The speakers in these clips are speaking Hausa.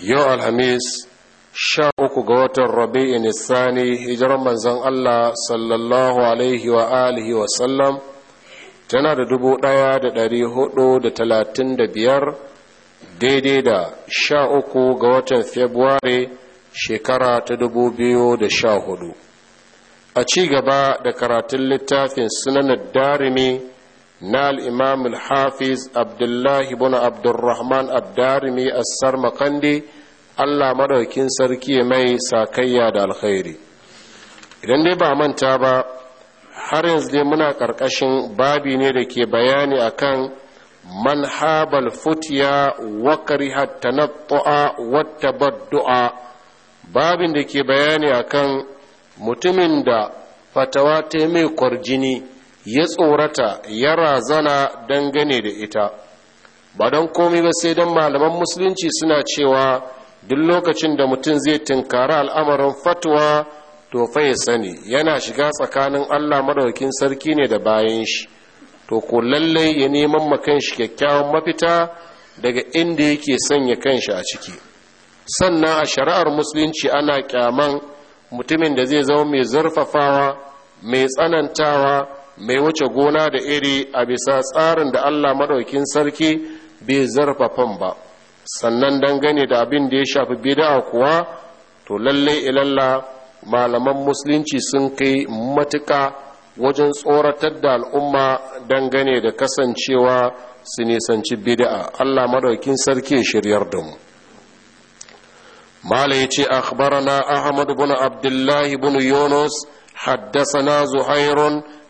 yau alhamis sha uku ga watan rabi'in nisani hijiran manzon Allah sallallahu alaihi wa alihi wa sallam tana da dubu ɗaya da dari hudu da talatin da biyar daidai da sha uku ga watan februari shekara ta dubu biyu da sha hudu a ci gaba da karatun littafin sunanar darimi na al'imam hafiz abdullahi bin abdurrahman abdarimi assar makande allah maɗaukin sarki mai sakayya da alkhairi idan dai ba manta ba har yanzu dai muna ƙarƙashin babi ne da ke bayani akan manhabal futiya wa karihat tanattu'a wa tabaddu'a babin da ke bayani akan mutumin da fatawa ta mai ya tsorata ya razana dangane da ita ba don komi ba sai don malaman musulunci suna cewa duk lokacin da mutum zai tunkari al'amarin fatuwa to fa ya sani yana shiga tsakanin allah maɗaukin sarki ne da bayan shi to ko lallai ya neman makan shi kyakkyawan mafita daga inda yake sanya kanshi a ciki sannan a shari'ar musulunci ana kyaman mutumin da zai zama mai zurfafawa mai tsanantawa mai wuce gona da iri a bisa tsarin da allah maɗaukin sarki bai zarfafan ba sannan dangane da abin da ya shafi bida'a kuwa to lallai ilalla malaman musulunci sun kai matuƙa wajen tsoratar da al'umma dangane da kasancewa su nisanci bida'a, allah maɗaukin sarki shiryar da mu مالا ce أخبرنا أحمد بن عبد الله بن يونس حدثنا زهير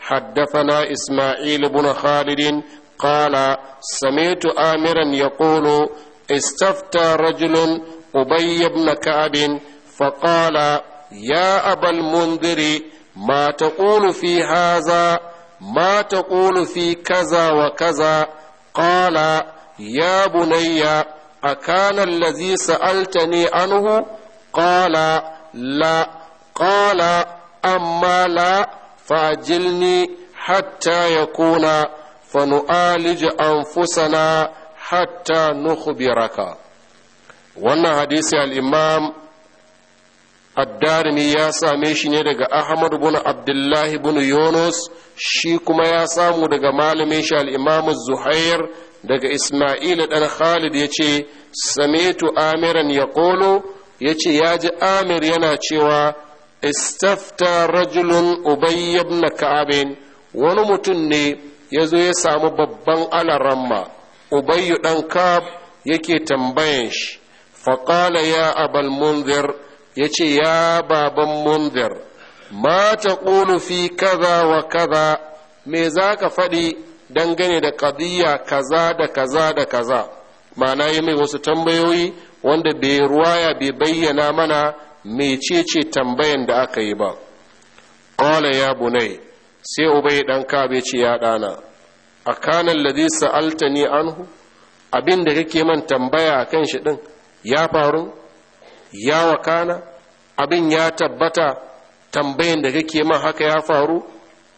حدثنا إسماعيل بن خالد قال سمعت آمرا يقول استفتى رجل أبي بن كعب فقال يا أبا المنذر ما تقول في هذا ما تقول في كذا وكذا قال يا بني أكان الذي سألتني عنه قال لا قال أما لا فاجلني حتى يكون فنعالج أنفسنا حتى نخبرك وانا حديث الإمام الدارمي يا ساميش ندق أحمد بن عبد الله بن يونس شيكما يا سامو دق مالميش الإمام الزهير دق إسماعيل بن خالد يتي سميت آمرا يقول يتي ياج آمر ينا istafta rajulun ubayy ibn ka'ab wani mutum ne ya zo ya samu babban alaramma ubayyu dan kab yake tambayan shi faƙala ya abal munzir ya ce ya baban munzir ma ta fi kaza wa kaza me za ka faɗi dangane da ƙadiyya kaza da kaza da kaza ma'ana yi mai wasu tambayoyi wanda bai ruwaya bai bayyana mana mecece tambayan da aka yi ba ƙwala ya bunai sai ubai ɗan kabe ce ya ɗana a kanan ladi sa'alta ne anhu abin da kake man tambaya a kan shi ɗin ya faru ya wakana abin ya tabbata tambayan da kake man haka ya faru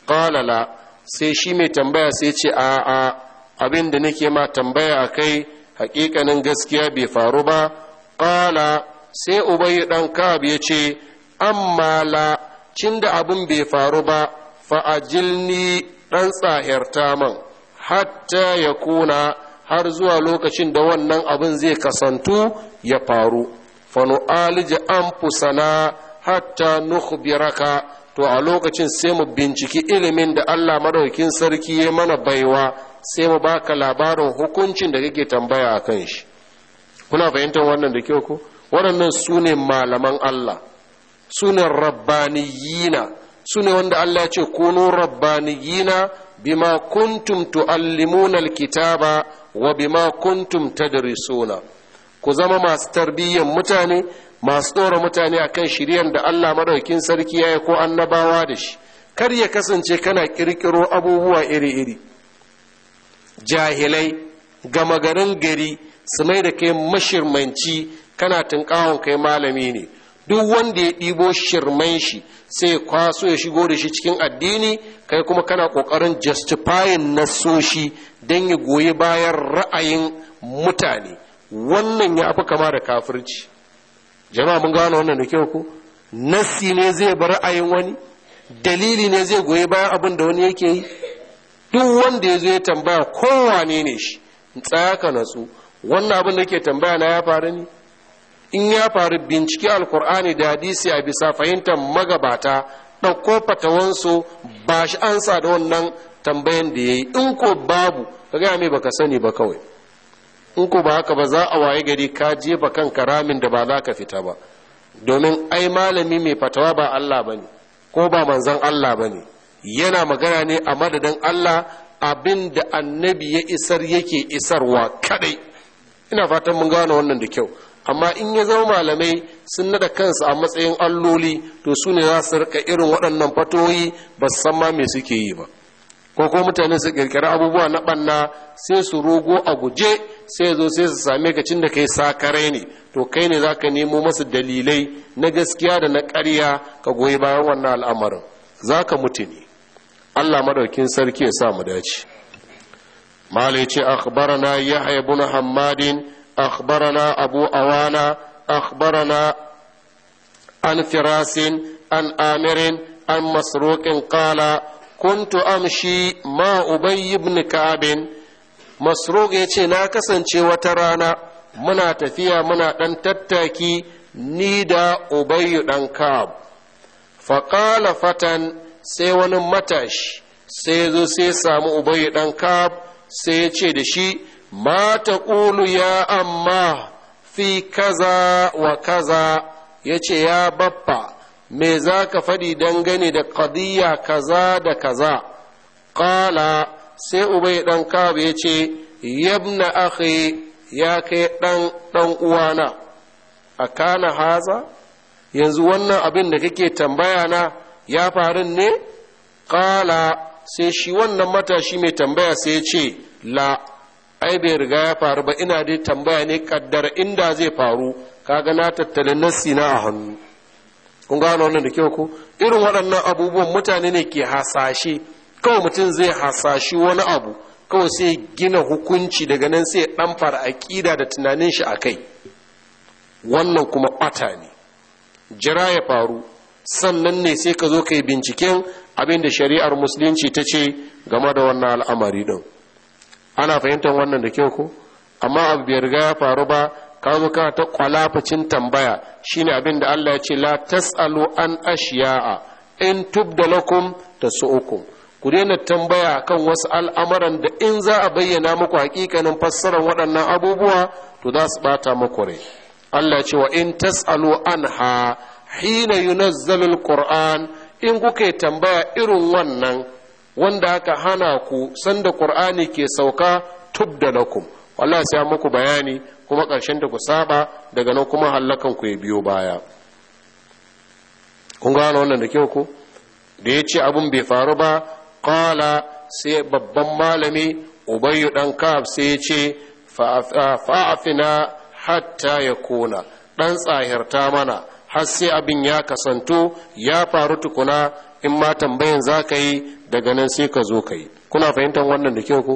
ƙwala la sai shi mai tambaya sai ce a a abin da nake ma tambaya a kai hakikanin gaskiya bai faru ba ƙwala sai ubay dan kab ya ce amma la cin da abin bai faru ba fa ajilni dan tsayarta man hatta ya kuna har zuwa lokacin da wannan abin zai kasantu ya faru fanu'alija an fusana hatta nukhbiraka to a lokacin sai mu binciki ilimin da Allah madaukin sarki ya mana baiwa sai mu baka labarin hukuncin da kake tambaya akan shi kuna fahimtar wannan da kyau ko waɗannan su ne malaman Allah su ne rabbaniyina su ne wanda Allah ce kunu rabbaniyina bima kuntum tu'allimuna alkitaba wa bima kuntum tadrisuna ku zama masu tarbiyyar mutane masu ɗora mutane akan shiryan da Allah madaukin sarki ya ko annabawa da shi kar ya kasance kana ƙirƙiro abubuwa iri-iri jahilai gama garin gari su mai da kai mashirmanci kana tunƙawon kai malami ne duk wanda ya ɗibo shirman shi sai kwaso ya shigo da shi cikin addini kai kuma kana ƙoƙarin justifying nasoshi don ya goyi bayan ra'ayin mutane wannan ya fi kama da kafirci Jama mun gano wannan da kyau ko nassi ne zai bar ra'ayin wani dalili ne zai goyi bayan abin da wani yake yi duk wanda ya zo ya tambaya kowane ne shi tsaya ka natsu wannan abin da ke tambaya na ya faru ne in ya faru bincike alkur'ani da hadisi a bisa fahimtar magabata ɗauko fatawansu ba shi ansa da wannan tambayan da ya yi in ko babu ka gaya mai baka sani ba kawai in ko ba haka ba za a waye gari ka jefa kan karamin da ba za ka fita ba domin ai malami mai fatawa ba Allah ba ne ko ba manzan Allah ba ne yana magana ne a madadin Allah abin da annabi ya isar yake isarwa kadai ina fatan mun gane wannan da kyau amma in ya zama malamai sun nada kansu a matsayin alloli to su ne za su rika irin waɗannan fatoyi ba su san ma mai suke yi ba ko ko mutane su kirkiri abubuwa na banna sai su rogo a guje sai zo sai su same ka cin da kai sakare ne to kai ne za ka nemo masu dalilai na gaskiya da na ƙarya ka goyi bayan wannan al'amarin za ka mutu ne allah madaukin sarki ya sa mu dace malai ce akhbarana yahya ibn hammadin أخبرنا أبو أوانا أخبرنا عن فراس عن آمر عن مسروق قال كنت أمشي مع أبي بن كعب مسروق يتي ناكسا وترانا منا تفيا منا أن تتاكي نيدا أبي بن كعب فقال فتى سيوان متش سيدو zo sai samu ubayi dan kab sai ya ce ma ƙulu ya amma fi kaza wa kaza yace ya baffa me za ka faɗi dangane da ƙadiyya kaza da kaza ƙala sai ubai ɗan kabe ya ce yabna akhi ya kai ɗan ɗan uwana a kana haza yanzu wannan abin da kake tambaya na ya faru ne ƙala sai shi wannan matashi mai tambaya sai ya ce la ai bai riga ya faru ba ina dai tambaya ne kaddar inda zai faru kaga na tattalin nassi na a hannu kun gano wannan da kyau ko irin waɗannan abubuwan mutane ne ke hasashe kawai mutum zai hasashe wani abu kawai sai gina hukunci daga nan sai ɗan fara aƙida da tunanin shi a kai wannan kuma ɓata ne jira ya faru sannan ne sai ka zo ka yi binciken abin da shari'ar musulunci ta ce game da wannan al'amari ɗin ana fahimtar wannan da kyau ko amma abu biyar ga ya faru ba ka ka ta kwalafacin tambaya shine abin da Allah ya ce la tasalu an ashiya'a in tubda lakum tasu'ukum ku daina tambaya kan wasu al'amuran da in za a bayyana muku hakikanin fassarar waɗannan abubuwa to za su bata muku rai Allah ce wa in tasalu anha hina yunazzalul qur'an, in kuke tambaya irin wannan wanda aka hana ku sanda qur'ani ke sauka tubdalakum lakum wallahi sai muku bayani kuma ƙarshen da ku saba daga nan kuma hallakan ku ya biyo baya kun gano wannan da kyau ko da ya ce abin bai faru ba kala sai babban malami ubayu dan kaf sai ya ce fa'afina hatta ya kona dan tsahirta mana har sai abin ya kasanto ya faru tukuna in ma tambayan za ka yi daga nan sai ka zo ka yi kuna fahimtar wannan da kyau ko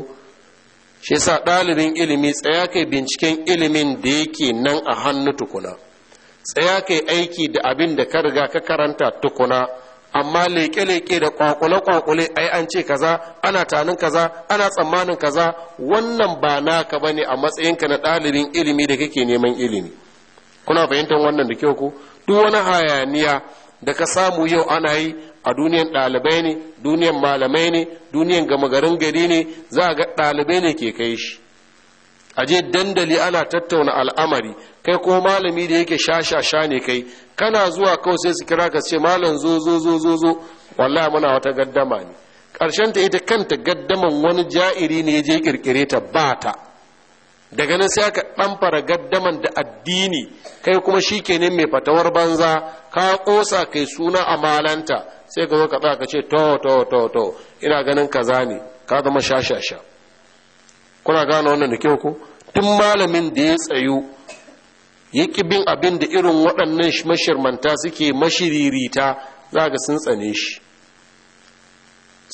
shi sa ɗalibin ilimi tsaya yi binciken ilimin da yake nan a hannu tukuna tsaya yi aiki da abin da ka riga ka karanta tukuna amma leke-leke da kwakule-kwakule ai an ce kaza ana tanin kaza ana tsammanin kaza wannan ba naka bane a matsayinka na ɗalibin ilimi da kake neman ilimi kuna fahimtar wannan da kyau ko duk wani hayaniya da ka samu yau ana yi a duniyan ɗalibai ne duniyan malamai ne duniyan gama garin gari ne za a ga ɗalibai ne ke kai shi a je dandali ana tattauna al'amari kai ko malami da yake sha ne kai kana zuwa kawai sai su kira ka ce malam zo zo zo zo muna wata gaddama ne ƙarshen ta ita kanta gaddaman wani ja'iri ne ya je kirkire ta ba ta daga nan sai aka ɗamfara gaddaman da addini kai kuma shi kenan mai fatawar banza ka ƙosa kai suna a malanta sai ka zo ka tsaya ka ce to to to to ina ganin kaza ne ka zama shashasha kuna gane wannan da kyau ko tun malamin da ya tsayu ya ki bin abin da irin waɗannan mashirmanta suke mashiririta za ga sun tsane shi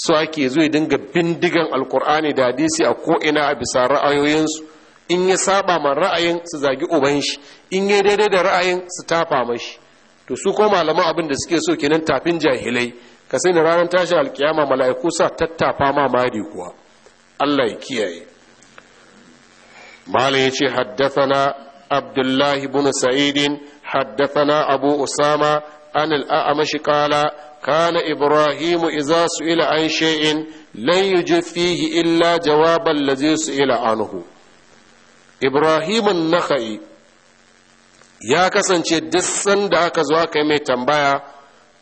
su ake zuwa dinga bindigan alkur'ani da hadisi a ko'ina a bisa ra'ayoyinsu in ya saba ma ra'ayin su zagi uban shi in ya daidai da ra'ayin su tafa mashi to su ko malaman abin da suke so kenan tafin jahilai ka sani ranar tashi alkiyama mala'iku sa tattafa ma mari kuwa Allah ya kiyaye malam yace haddathana abdullahi ibn sa'id haddathana abu usama an al-a'mash qala kana ibrahimu idza su'ila an shay'in lan yujib illa jawaban su su'ila anhu Ibrahimun an-nakhai ya kasance duk sanda aka zo aka yi mai tambaya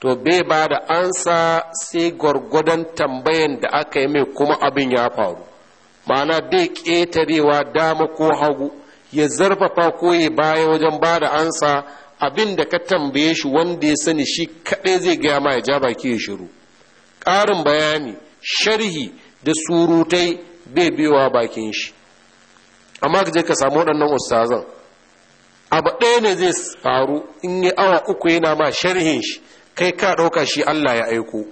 to bai ba da ansa sai gwargwadon tambayan da aka yi mai kuma abin ya faru ma'ana dai ƙetarewa dama ko hagu ya zarfafa ko ya baya wajen ba da ansa abin da ka tambaye shi wanda ya sani shi kaɗai zai gaya ma ya ja baki ya shiru ƙarin bayani sharhi da surutai bai biyowa bakin shi amma ka je ka samu waɗannan ustazan abu ɗaya ne zai faru in yi awa uku yana ma sharhin shi kai ka ɗauka shi Allah ya aiko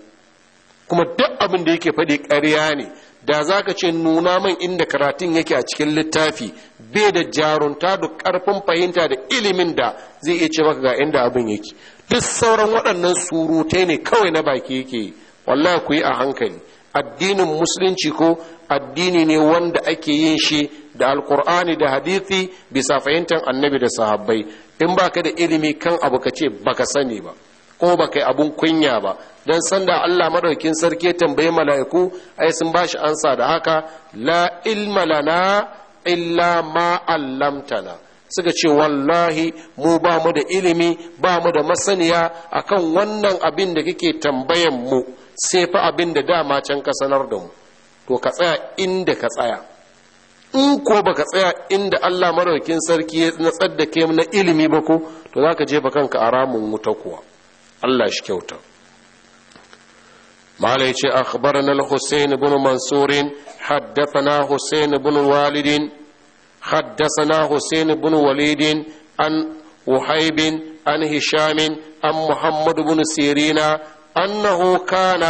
kuma duk abin da yake faɗi ƙarya ne da za ka ce nuna man inda karatun yake a cikin littafi bai da jarunta da ƙarfin fahimta da ilimin da zai iya ce maka ga inda abin yake duk sauran waɗannan surutai ne kawai na baki yake yi wallahi ku yi a hankali addinin musulunci ko addini ne wanda ake yin shi da alkur'ani da hadithi bisa fahimtar annabi da sahabbai in ba ka da ilimi kan abu ka ce baka sani ba ko baka yi abun kunya ba Don sanda Allah madaukin sarki tambayi mala'iku ai sun ba shi ansa da haka la ilma lana illa ma allamtana suka ce wallahi mu ba mu da ilimi ba mu da masaniya akan wannan abin da kake tambayan mu sai fa abin da dama can ka sanar da mu to ka tsaya inda ka tsaya in ko baka tsaya inda Allah maraukin sarki ya natsar da ke na ilimi ba ko to zaka jefa kanka a ramin wuta kuwa Allah shi kyauta malai ce akhbarana al-Husayn ibn Mansur haddathana Husayn ibn Walid haddathana Husayn ibn Walid an وحيب عن هشام an محمد بن سيرين أنه كان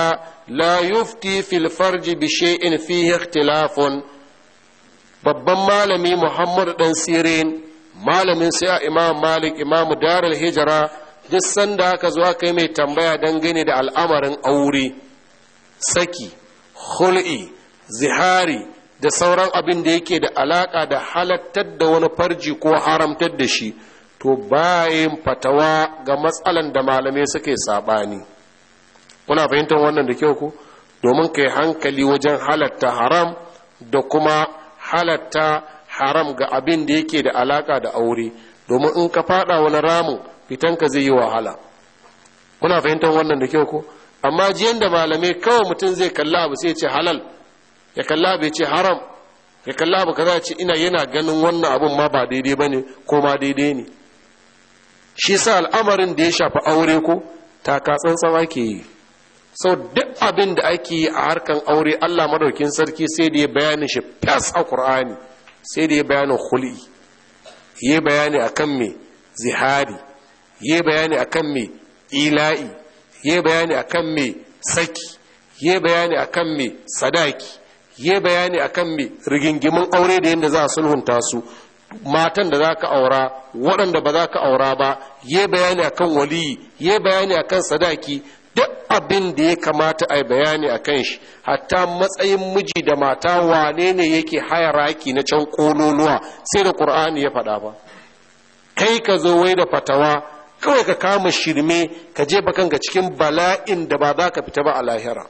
لا يفتي في الفرج بشيء فيه اختلاف babban malami muhammadu dan sirin malamin sai a imam malik imamu darul hijira duk sanda aka zo aka yi mai tambaya dangane da al'amarin aure saki hul'i zihari da sauran abin da yake da alaka da halattar da wani farji ko haramtar da shi to bayan fatawa ga matsalan da malamai suke sabani kuna fahimtar wannan da kyau ku domin kai hankali wajen halatta haram da kuma halatta haram ga abin da yake da alaka da aure domin in ka fada wani ramu fitanka zai yi wahala kuna fahimtar wannan da kyau ko amma jiyan da malamai kawai mutum zai kalla abu sai ce halal ya kalla abu ya ce haram ya kalla abu kaza ce ina yana ganin wannan abun ma ba daidai ba ne ko ma daidai ne shi sa al'amarin da ya shafi aure ko ta taka tsawa ke yi sau duk abin da ake yi a harkan aure allah madaukin sarki sai da ya bayanin shi fas a ƙur'ani sai da ya bayanin hul'i ya bayani a kan me zihari ya bayani a kan me ila'i ya bayani a kan me saki ya bayani a kan me sadaki ya bayani a kan me rigingimin aure da yadda za a sulhunta su matan da za ka aura waɗanda ba za ka aura ba ya bayani a kan waliyi ya bayani a kan sadaki duk abin da ya kamata a yi bayani a kan shi hatta matsayin miji da mata wane ne yake hayaraki na can kololuwa sai da ƙur'ani ya faɗa ba kai ka zo wai da fatawa kawai ka kama shirme ka je ga cikin bala'in da ba za ka fita ba a lahira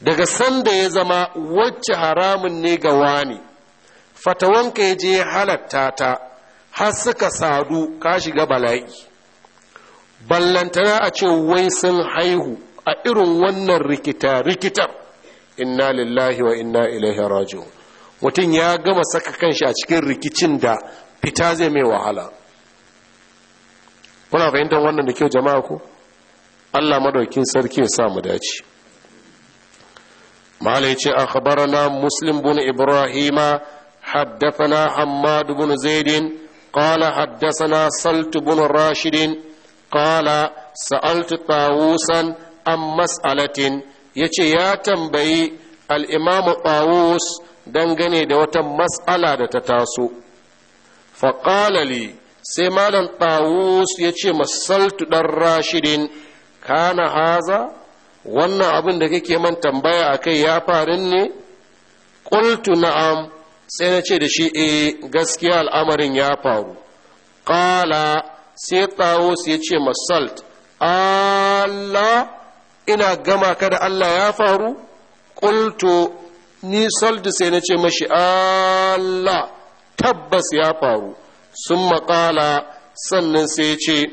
daga sanda ya zama wacce haramun ne ga wani fatawanka ya je halatta ta har suka sadu ka shiga bala'i ballantana a ce wai sun haihu a irin wannan rikita rikitar inna lillahi wa inna ilaihi raji'un mutum ya gama saka kanshi a cikin rikicin da fita zai mai wahala kuna fahimtar wannan da kyau jama'a ku? Allah madaukin sarki ya sa mu dace mala yace akhbarana muslim bin ibrahima haddathana hammad bin kala haddasa na salt bin Rashidin. qala sa'altu tawusan an mas'alatin yace ya tambayi al-imamu tawus dangane da wata mas'ala da ta taso Faƙalali, sai malam tawus yace masaltu dan rashidin kana haza wannan abin da kake man tambaya akai ya faru ne qultu na'am sai na ce da shi e, gaskiya al'amarin ya faru qala sai sai ya ce masalt Allah ina gama kada Allah ya faru ƙulto ni saltu sai na ce mashi Allah tabbas ya faru sun maƙala sannan sai ya ce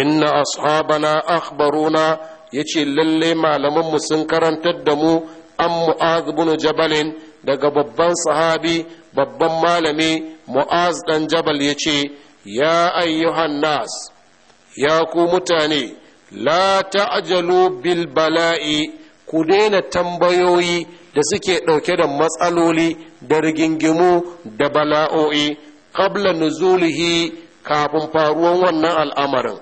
inna ashabana akhbaruna ya ce lalle malamanmu sun karantar da mu an mu'az bin jabalin daga babban sahabi babban malami mu'az dan jabal ya ce ya ayyuhan nas ya ku mutane la ta'jalu bil bala'i ku daina tambayoyi da suke ɗauke da matsaloli da rigingimu da bala'o'i qabla nuzulihi kafin faruwan wannan al'amarin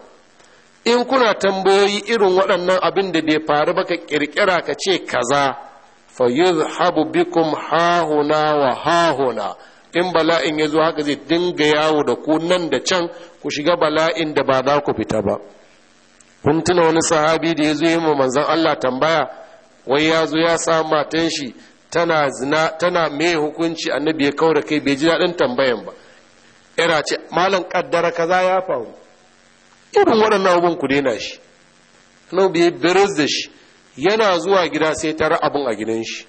in kuna tambayoyi irin waɗannan abin da bai faru ba ka ƙirƙira ka ce kaza fa yuzhabu bikum hahuna wa hahuna in bala'in ya zo haka zai dinga yawo da ku nan da can ku shiga bala'in da ba za ku fita ba kun tuna wani sahabi da ya zo yi manzon Allah tambaya wai ya zo ya samu matan shi tana mai hukunci annabi ya kaura kai bai ji daɗin tambayan ba ira ce malam kaddara kaza ya faru irin waɗannan abin ku daina shi annabi ya biris da shi yana zuwa gida sai tara abin a gidan shi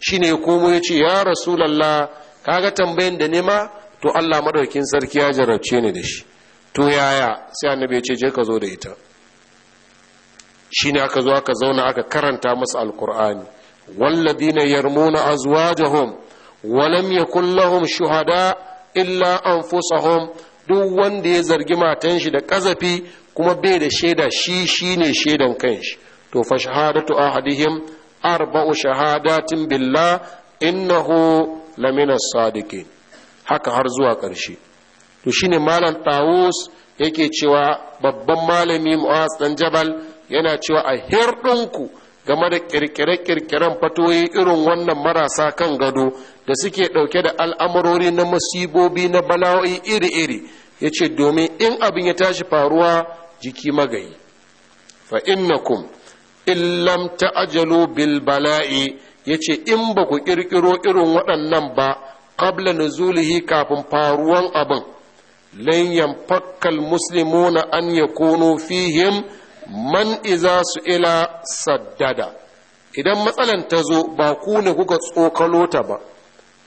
shine komo ya ce ya rasulallah kaga tambayin da nema to Allah madaukin sarki ya jarabce ni da shi to yaya sai annabi ya ce je ka zo da ita shine aka zo aka zauna aka karanta masa alqur'ani walladina yarmuna azwajahum wa lam yakul lahum shuhada illa anfusahum duk wanda ya zargi matan shi da kazafi kuma bai da shaida shi shine shaidan kanshi to fa shahadatu ahadihim arba'u shahadatin billah innahu lamina sadiki haka har zuwa ƙarshe to shine malam tawus yake cewa babban malami mu'az dan jabal yana cewa a hirɗinku game da kirkire-kirkiren fatoyi irin wannan marasa kan gado da suke ɗauke da al'amurori na masibobi na bala'o'i iri-iri ya ce domin in abin ya tashi faruwa jiki magayi fa'innakum in lam ta'ajalu bil bala'i yace in ba ku ƙirƙiro irin waɗannan ba na zulihi kafin faruwan abin Lanyan fakkal na an kono fihim man iza su ila saddada idan matsalan ta zo ba ku ne kuka tsokalo ta ba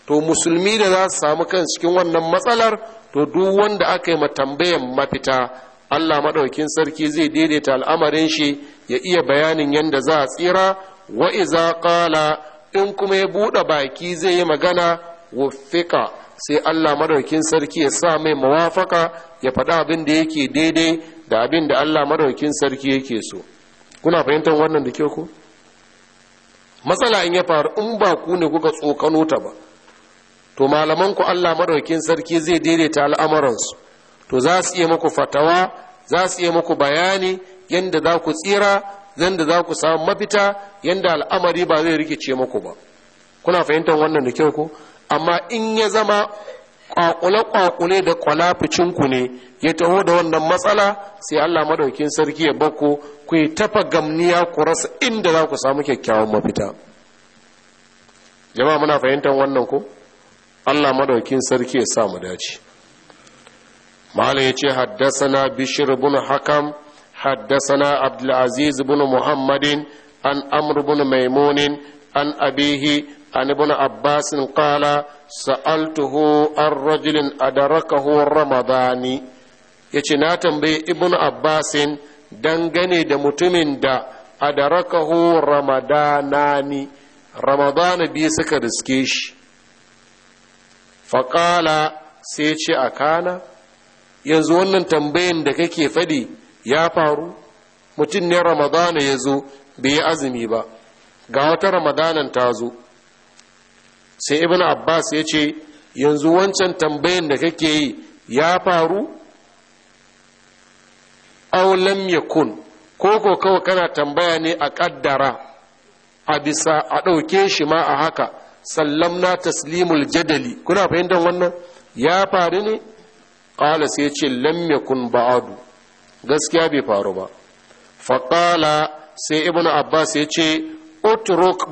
to musulmi da za su samu kan cikin wannan matsalar to duk wanda aka yi tambayan mafita allah maɗaukin sarki zai daidaita al'amarin shi ya iya bayanin yadda za a tsira wa iza ƙala in kuma ya buɗe baki zai yi magana wufika sai Allah madaukin sarki ya sa mai mawafaka ya faɗa abin da yake daidai da abin da Allah madaukin sarki yake so kuna fahimtar wannan da kyau ko matsala in ya faru in ba ku ne kuka tsokano ta ba to malaman ku Allah madaukin sarki zai daidaita al'amuran su, to za su iya muku fatawa za su iya muku bayani yadda za ku tsira da za ku samu mafita yadda al'amari ba zai rikice muku ba kuna fahimtar wannan da kyau ko amma in ya zama kwakule-kwakule da kwalaficinku ne ya taho da wannan matsala sai Allah madaukin sarki ya bako ku yi tafa gamniya ku rasa inda za ku samu kyakkyawan mafita jama'a muna fahimtar wannan ko Allah madaukin sarki ya sa mu dace malam ya ce haddasa na bishir bin hakam حدثنا عبد العزيز بن محمد عن عمرو بن an عن أبيه kala ابن عباس قال سألته عن رجل أدركه رمضان yace na tambayi ibn abbasin dangane da mutumin da adarakahu ramadanani ramadana biyu suka riske shi faƙala sai ce a kana yanzu wannan tambayin da kake faɗi ya faru mutum ne ramadana ya zo bai yi azumi ba ga wata ramadanan ta zo sai ibn abbas ya ce yanzu wancan tambayin da kake yi ya faru aulam ya kun ko ko kawai kana tambaya ne a kaddara a bisa a ɗauke shi ma a haka Sallam na taslimul jadali kuna fahimtar wannan ya faru ne ƙalas sai ce lam yakun ba'adu gaskiya bai faru ba faƙala sai ibn abbas ya ce utruk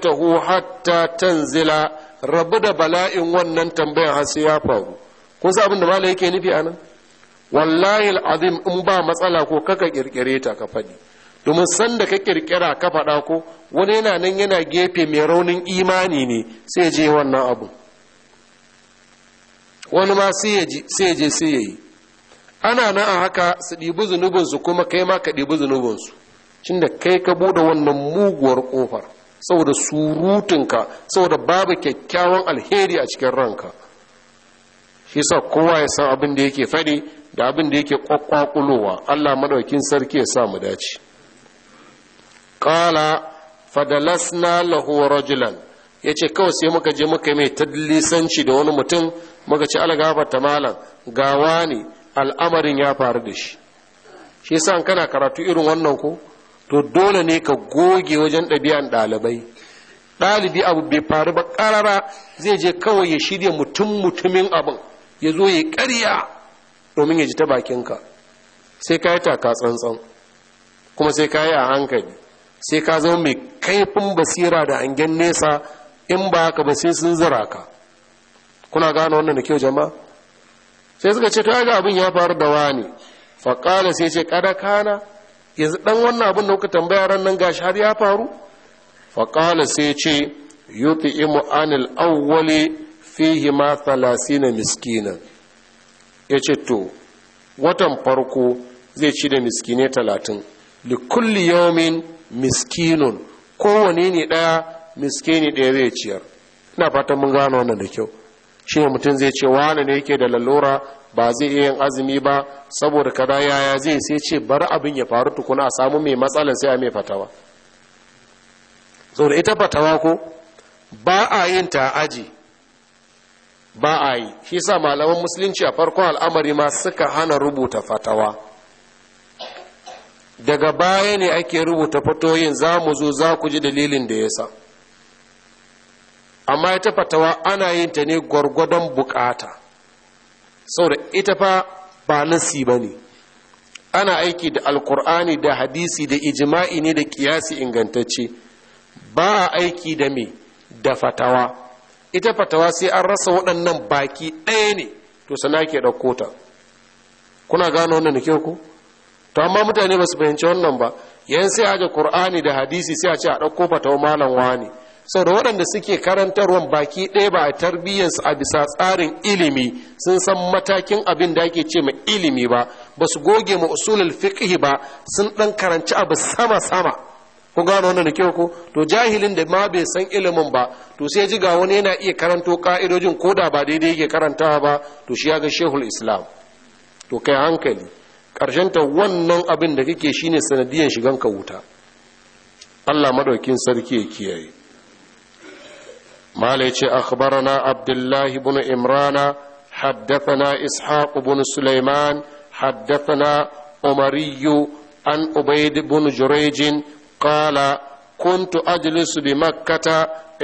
taho hatta tanzila rabu da bala'in wannan tambayar har sai ya faru Ko sa abin da malai yake nufi anan wallahi al'azim in ba matsala ko kaka kirkire ta ka faɗi domin san da ka kirkira ka faɗa ko wani yana nan yana gefe mai raunin imani ne sai je wannan abu wani ma sai ya je sai yi ana nan a haka su ɗibi zunubinsu kuma kai ma ka ɗibi zunubinsu cin da kai ka buɗe wannan muguwar ƙofar saboda surutunka saboda babu kyakkyawan alheri a cikin ranka shi sa kowa ya san abin da yake faɗi da abin da yake ƙwaƙwaƙulowa allah maɗaukin sarki ya sa mu dace ƙala fadalasna lahu rajulan ya ce kawai sai muka je muka mai tadlisanci da wani mutum muka ci ta malam gawa ne al'amarin ya faru da shi shi yasa kana karatu irin wannan ko to dole ne ka goge wajen ɗabi'an ɗalibai ɗalibi abu bai faru ba ƙarara zai je kawai ya shirya mutum mutumin abin ya zo ya ƙarya domin ya ji ta bakinka sai ka yi taka tsantsan kuma sai ka yi a hankali sai ka zama mai kaifin basira da hangen nesa in ba haka ba sai sun zira ka kuna gane wannan da kyau jama'a sai suka ce to abin ya faru da wani faƙala sai ce ƙada kana yanzu ɗan wannan abin da kuka tambaya ran nan gashi har ya faru faƙala sai ce yuti imu anil awwali fihi ma thalathina miskina ya ce to watan farko zai ci da miskine talatin li kulli yawmin miskinun kowane ne ɗaya miskini ɗaya zai ciyar ina fatan mun gano wannan da kyau shi mutum zai ce wane ne yake da lalura ba zai iya yin azumi ba saboda kada yaya zai sai ce bar abin ya faru tukuna a samu mai matsalar sai a mai fatawa da ita fatawa ko ba a yin ta aji ba a yi shi sa malaman musulunci a farkon al'amari ma suka hana rubuta fatawa daga baya ne ake rubuta fatoyin za mu zo za ku ji dalilin da ya sa amma ita fatawa ana yin ta ne gwargwadon bukata saboda ita fa ba nasi ba ne ana aiki da alkur'ani da hadisi da ijima'i ne da kiyasi ingantacce ba a aiki da me da fatawa ita fatawa sai an rasa waɗannan baki ɗaya ne to sana ke ɗauko ta kuna gano wannan da kyau ku to amma mutane ba su fahimci wannan ba yayin sai aje qur'ani da hadisi sai a ce a ɗauko fatawa malam ne sau da waɗanda suke karantarwa baki ɗaya ba a tarbiyyarsu a bisa tsarin ilimi sun san matakin abin da ake ce ma ilimi ba ba su goge ma usulul fiqh ba sun ɗan karanci abu sama sama ku gano wannan da kyau ko to jahilin da ma bai san ilimin ba to sai ji ga wani yana iya karanto ka'idojin ko da ba daidai yake karantawa ba to shi ya ga shehul islam to kai hankali ta wannan abin da kake shine sanadiyan shigan ka wuta Allah madaukin sarki ya kiyaye malai ce akhbarana abdullahi ibn imrana haddathana ishaq ibn sulaiman haddathana umariyu an ubaid ibn kala. qala kuntu ajlisu bi makkata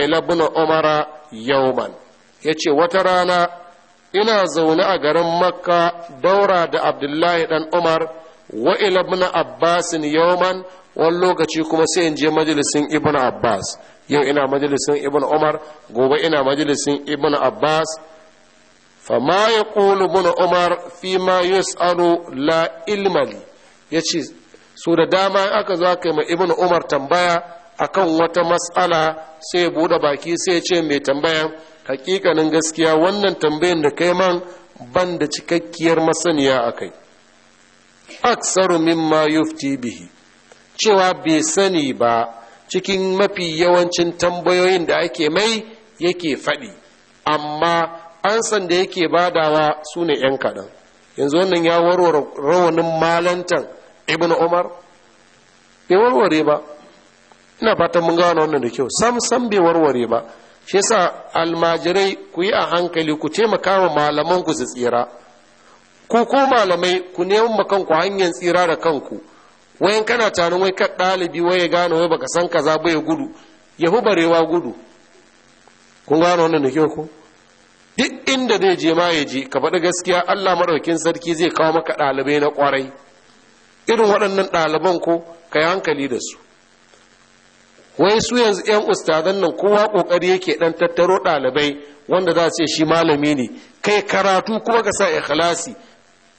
ila ibn umara yawman yace wata rana ina zaune a garin makka daura da abdullahi dan umar wa ila ibn abbas yawman wani lokaci kuma sai in je majalisin ibn abbas yau ina majalisin ibn umar gobe ina majalisin ibn abbas fama ya ƙulu ibn umar fi ma yus'alu la ilmali ya ce Su da dama aka za ka yi ma ibn umar tambaya akan wata matsala sai buɗe baki sai ce mai tambayan hakikanin gaskiya wannan tambayan da kai man ban da cikakkiyar masaniya a kai aksaru mimma yufti bihi cewa bai sani ba cikin mafi yawancin tambayoyin da ake mai yake faɗi amma ansan da yake badawa su ne 'yan kaɗan yanzu wannan ya warware rawanin malantan ibn umar bai warware ba ina fatan mun gano wannan da kyau sam sam bai warware ba shi yasa almajirai ku yi a hankali ku taimaka wa malaman ku su tsira ku ko malamai ku neman ma kanku hanyar tsira da kanku wayan kana tarin wai kan ɗalibi wai ya gane wai baka san kaza ba ya gudu ya fi barewa gudu kun gano wannan nake ko duk inda zai je ma ya je ka faɗi gaskiya allah maɗaukin sarki zai kawo maka ɗalibai na kwarai. irin waɗannan ɗaliban ko ka yi hankali da su wai su yanzu 'yan ustazan nan kowa ƙoƙari yake ɗan tattaro ɗalibai wanda za su ce shi malami ne kai karatu kuma ka sa ikhlasi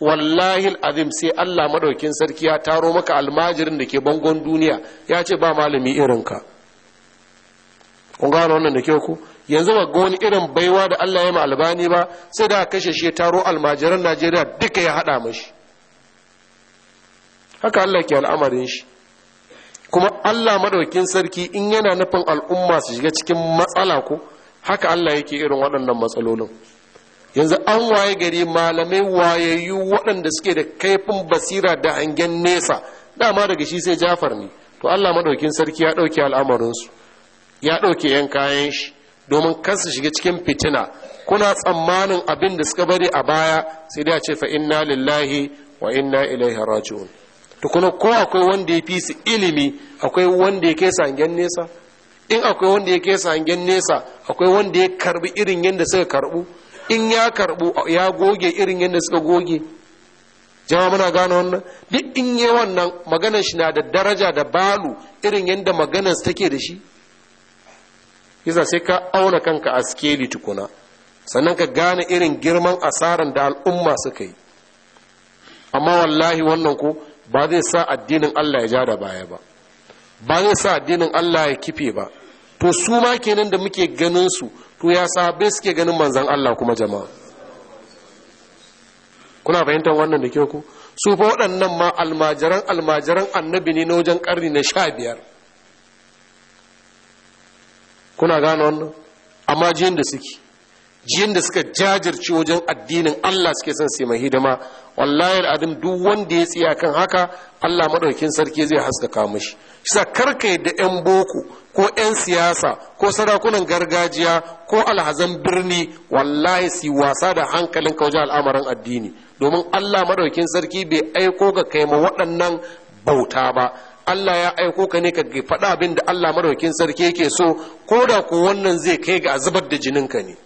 wallahi azim sai Allah madaukin sarki ya taro maka almajirin da ke bangon duniya ya ce ba malami irinka kun gano wannan da ke ku yanzu ba ga wani irin baiwa da Allah ya ma albani ba sai da kashe shi taro almajiran Najeriya duka ya hada mashi haka Allah ke al'amarin shi kuma Allah maɗaukin sarki in yana nufin al'umma su shiga cikin matsala ko haka Allah yake irin waɗannan matsalolin yanzu an waye gari malamai wayayyu waɗanda suke da kaifin basira da hangen nesa dama daga shi sai jafar ne to allah maɗaukin sarki ya ɗauke al'amarinsu ya ɗauke 'yan kayan shi domin kansu shiga cikin fitina kuna tsammanin abin da suka bari a baya sai dai a ce fa inna lillahi wa inna ilaihi raji'un ko akwai wanda ya fi su ilimi akwai wanda ya kesa nesa in akwai wanda ya kesa hangen nesa akwai wanda ya karbi irin yadda suka karbu in ya karɓo ya goge irin yadda suka goge jama muna gane wannan duk in yi wannan maganar shi na da daraja da balu irin yadda maganar take da shi yasa sai ka auna kanka a skeli tukuna sannan ka gane irin girman asaran da al'umma suka yi amma wallahi wannan ko ba zai sa addinin Allah ya ja da baya ba ba zai sa addinin Allah ya kife ba to su ma kenan da muke ganin su to ya sahabbai suke ganin manzan Allah kuma jama'a kuna fahimtar wannan da kyau ku su fa waɗannan ma almajiran almajiran annabi ne na wajen ƙarni na sha biyar kuna gane wannan amma jiyan da suke jiyan da suka jajirce wajen addinin Allah suke son su mai hidima wallahi al'adun duk wanda ya tsiya kan haka Allah madaukin sarki zai haskaka mishi shi sa karka yadda yan boko ko 'yan siyasa ko sarakunan gargajiya ko alhazan birni wallahi su wasa da hankalin wajen al'amarin addini domin allah madaukin sarki bai aiko ga kai waɗannan bauta ba allah ya aiko ka ne ka faɗa abin da allah madaukin sarki yake so ko da ko wannan zai kai ga a zubar da jininka ne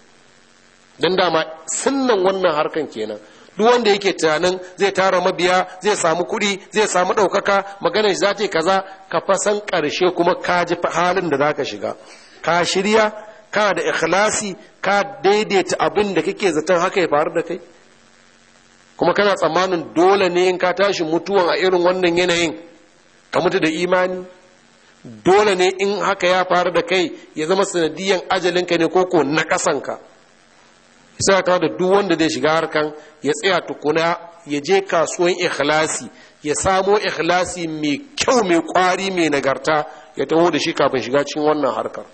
don dama sunnan wannan harkan kenan duk wanda yake tunanin zai tara mabiya zai samu kuɗi zai samu ɗaukaka maganar shi za ta kaza ka fasan ƙarshe kuma ka ji halin da za ka shiga ka shirya ka da ikhlasi ka daidaita abin da kake zaton haka ya faru da kai kuma kana tsammanin dole ne in ka tashi mutuwan a irin wannan yanayin ka mutu da imani dole ne in haka ya faru da kai ya zama sanadiyan ajalinka ne koko na ƙasanka sai ka da duk wanda zai shiga harkan ya tsaya tukuna ya je kasuwan ikhlasi ya samo ikhlasi mai kyau mai kwari mai nagarta ya taho da shi kafin shiga cikin wannan harkar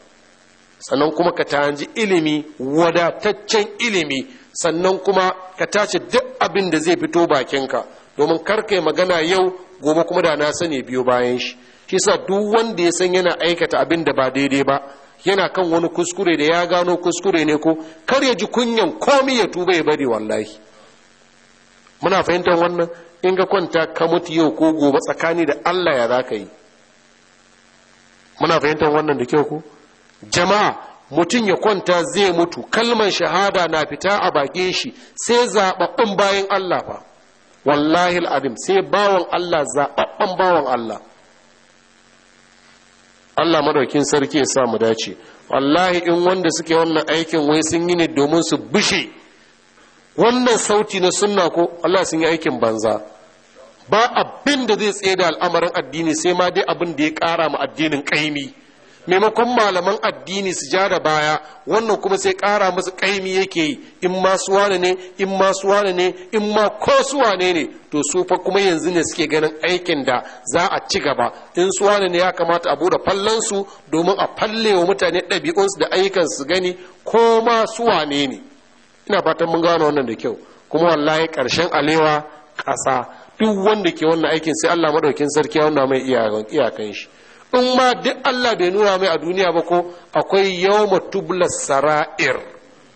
sannan kuma ka tanji ilimi wadataccen ilimi sannan kuma ka tace duk abin da zai fito bakinka domin yi magana yau gobe kuma da na sani biyo bayan shi shi sa duk wanda ya san yana aikata abin da ba daidai ba yana kan wani kuskure da ya gano kuskure ne ko kar ya ji kunyan komi ya tuba ya bari wallahi muna fahimtar wannan in ga kwanta ka mutu yau ko gobe tsakani da Allah ya zaka yi muna fahimtar wannan da kyau ko jama'a mutum ya kwanta zai mutu kalman shahada na fita a bakin shi sai zababbin bayan Allah fa wallahi al'adim sai bawan Allah zaɓaɓɓen bawan Allah Allah madaukin sarki ya sa mu dace wallahi in wanda suke wannan aikin wai sun yi ne domin su bushe wannan sauti na sunna ko Allah sun yi aikin banza ba abin da zai tsaye da al'amarin addini sai ma dai abin da ya kara ma addinin ƙaimi. maimakon malaman addini su ja da baya wannan kuma sai ƙara musu ƙaimi yake yi in ma su wane ne in ma su wane ne in ma ko su wane ne to su fa kuma yanzu ne suke ganin aikin da za a ci gaba in su wane ne ya kamata a bude fallansu domin a falle wa mutane ɗabi'unsu da ayyukan su gani ko ma su wane ne ina fatan mun gano wannan da kyau kuma wallahi ƙarshen alewa ƙasa duk wanda ke wannan aikin sai Allah madaukin sarki ya wanda mai iyakan shi in ma duk Allah bai nuna mai a duniya ba ko akwai yawma tubla sara'ir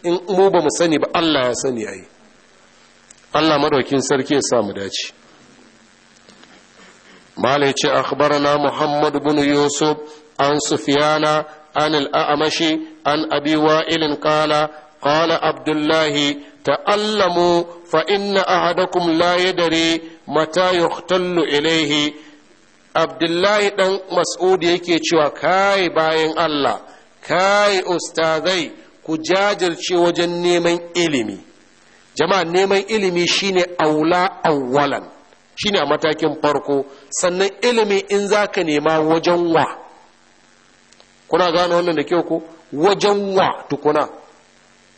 in mu ba mu sani ba Allah ya sani yayi Allah madaukin sarki ya sa mu dace malai ce akhbarana Muhammadu ibn Yusuf an Sufiyana, an al-A'mashi an Abi Wa'il qala قال عبد الله تألموا فإن أحدكم لا يدري متى يختل إليه abdullahi ɗan mas'ud yake cewa kai bayan allah kai ustazai ku jajirce wajen neman ilimi jama'a neman ilimi shine aula awwalan shine a matakin farko sannan ilimi in za ka nema wajen wa kuna gano wannan da kyau ko wajen wa tukuna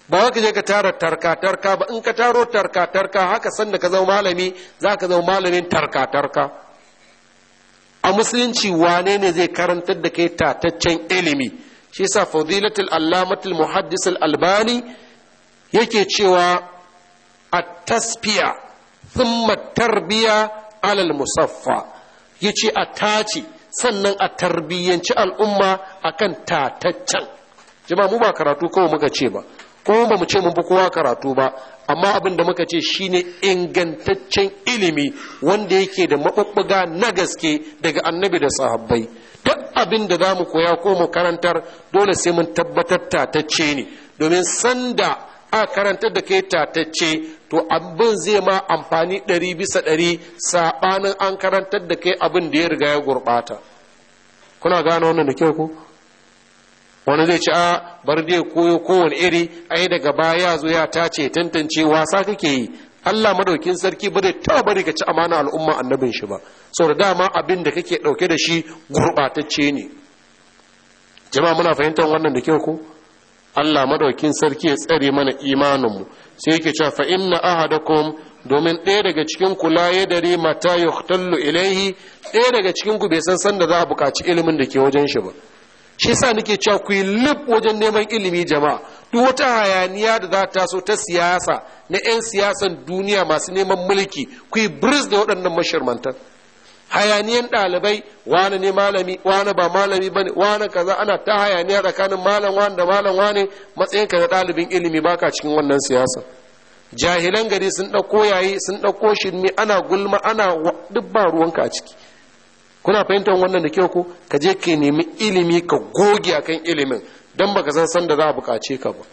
ba za ka je ka tara tarka-tarka ba in ka taro tarka-tarka haka sanda ka zama malami za ka zama malamin tarka-tarka a musulunci wane ne zai karantar da kai tataccen ilimi shi sa fadilatul allamatul muhaddis albani yake cewa a tasfiya thumma tarbiya alal musaffa yace a tace sannan a tarbiyyanci al'umma akan tataccen jama'a mu ba karatu kawai muka ce ba ko ba mu ce mun fi kowa karatu ba amma abin da muka ce shine ingantaccen ilimi wanda yake da mabubbuga na gaske daga annabi da sahabbai duk abin da za mu koya ko mu karantar dole sai mun tabbatar tatacce ne domin sanda a karantar da kai tatacce to abin zai ma amfani ɗari bisa ɗari saɓanin an karantar da kai abin da ya riga ya gurɓata kuna gane wannan da kyau ku wani zai ci a ah, bar dai koyo kowane iri ai daga baya zo ya tace tantance wasa kake yi Allah madaukin sarki ba zai taba bari ka ci amana al'umma annabin shi ba saboda dama abin da kake dauke da shi gurbatacce ne jama'a muna fahimtar wannan da kyau ko Allah madaukin sarki ya tsare mana imaninmu sai yake cewa fa inna ahadakum domin ɗaya daga cikin ku la dare mata yuhtallu ilaihi ɗaya daga cikin ku bai san san da za a buƙaci ilimin da ke wajen shi ba shi sa nake cewa ku yi wajen neman ilimi jama'a duk wata hayaniya da za ta so ta siyasa na 'yan siyasan duniya masu neman mulki ku yi bris da waɗannan mashirmantan hayaniyan ɗalibai wane ne malami wane ba malami ba ne wane kaza ana ta hayaniya tsakanin malam wane da malam wane matsayinka na ɗalibin ilimi baka cikin wannan siyasa jahilan gari sun ɗauko yayi sun ɗauko shirme ana gulma ana duk ba ruwanka a ciki kuna fahimtar wannan da kyau ko ka je ka nemi ilimi ka goge akan ilimin don baka san da za a bukace ka ba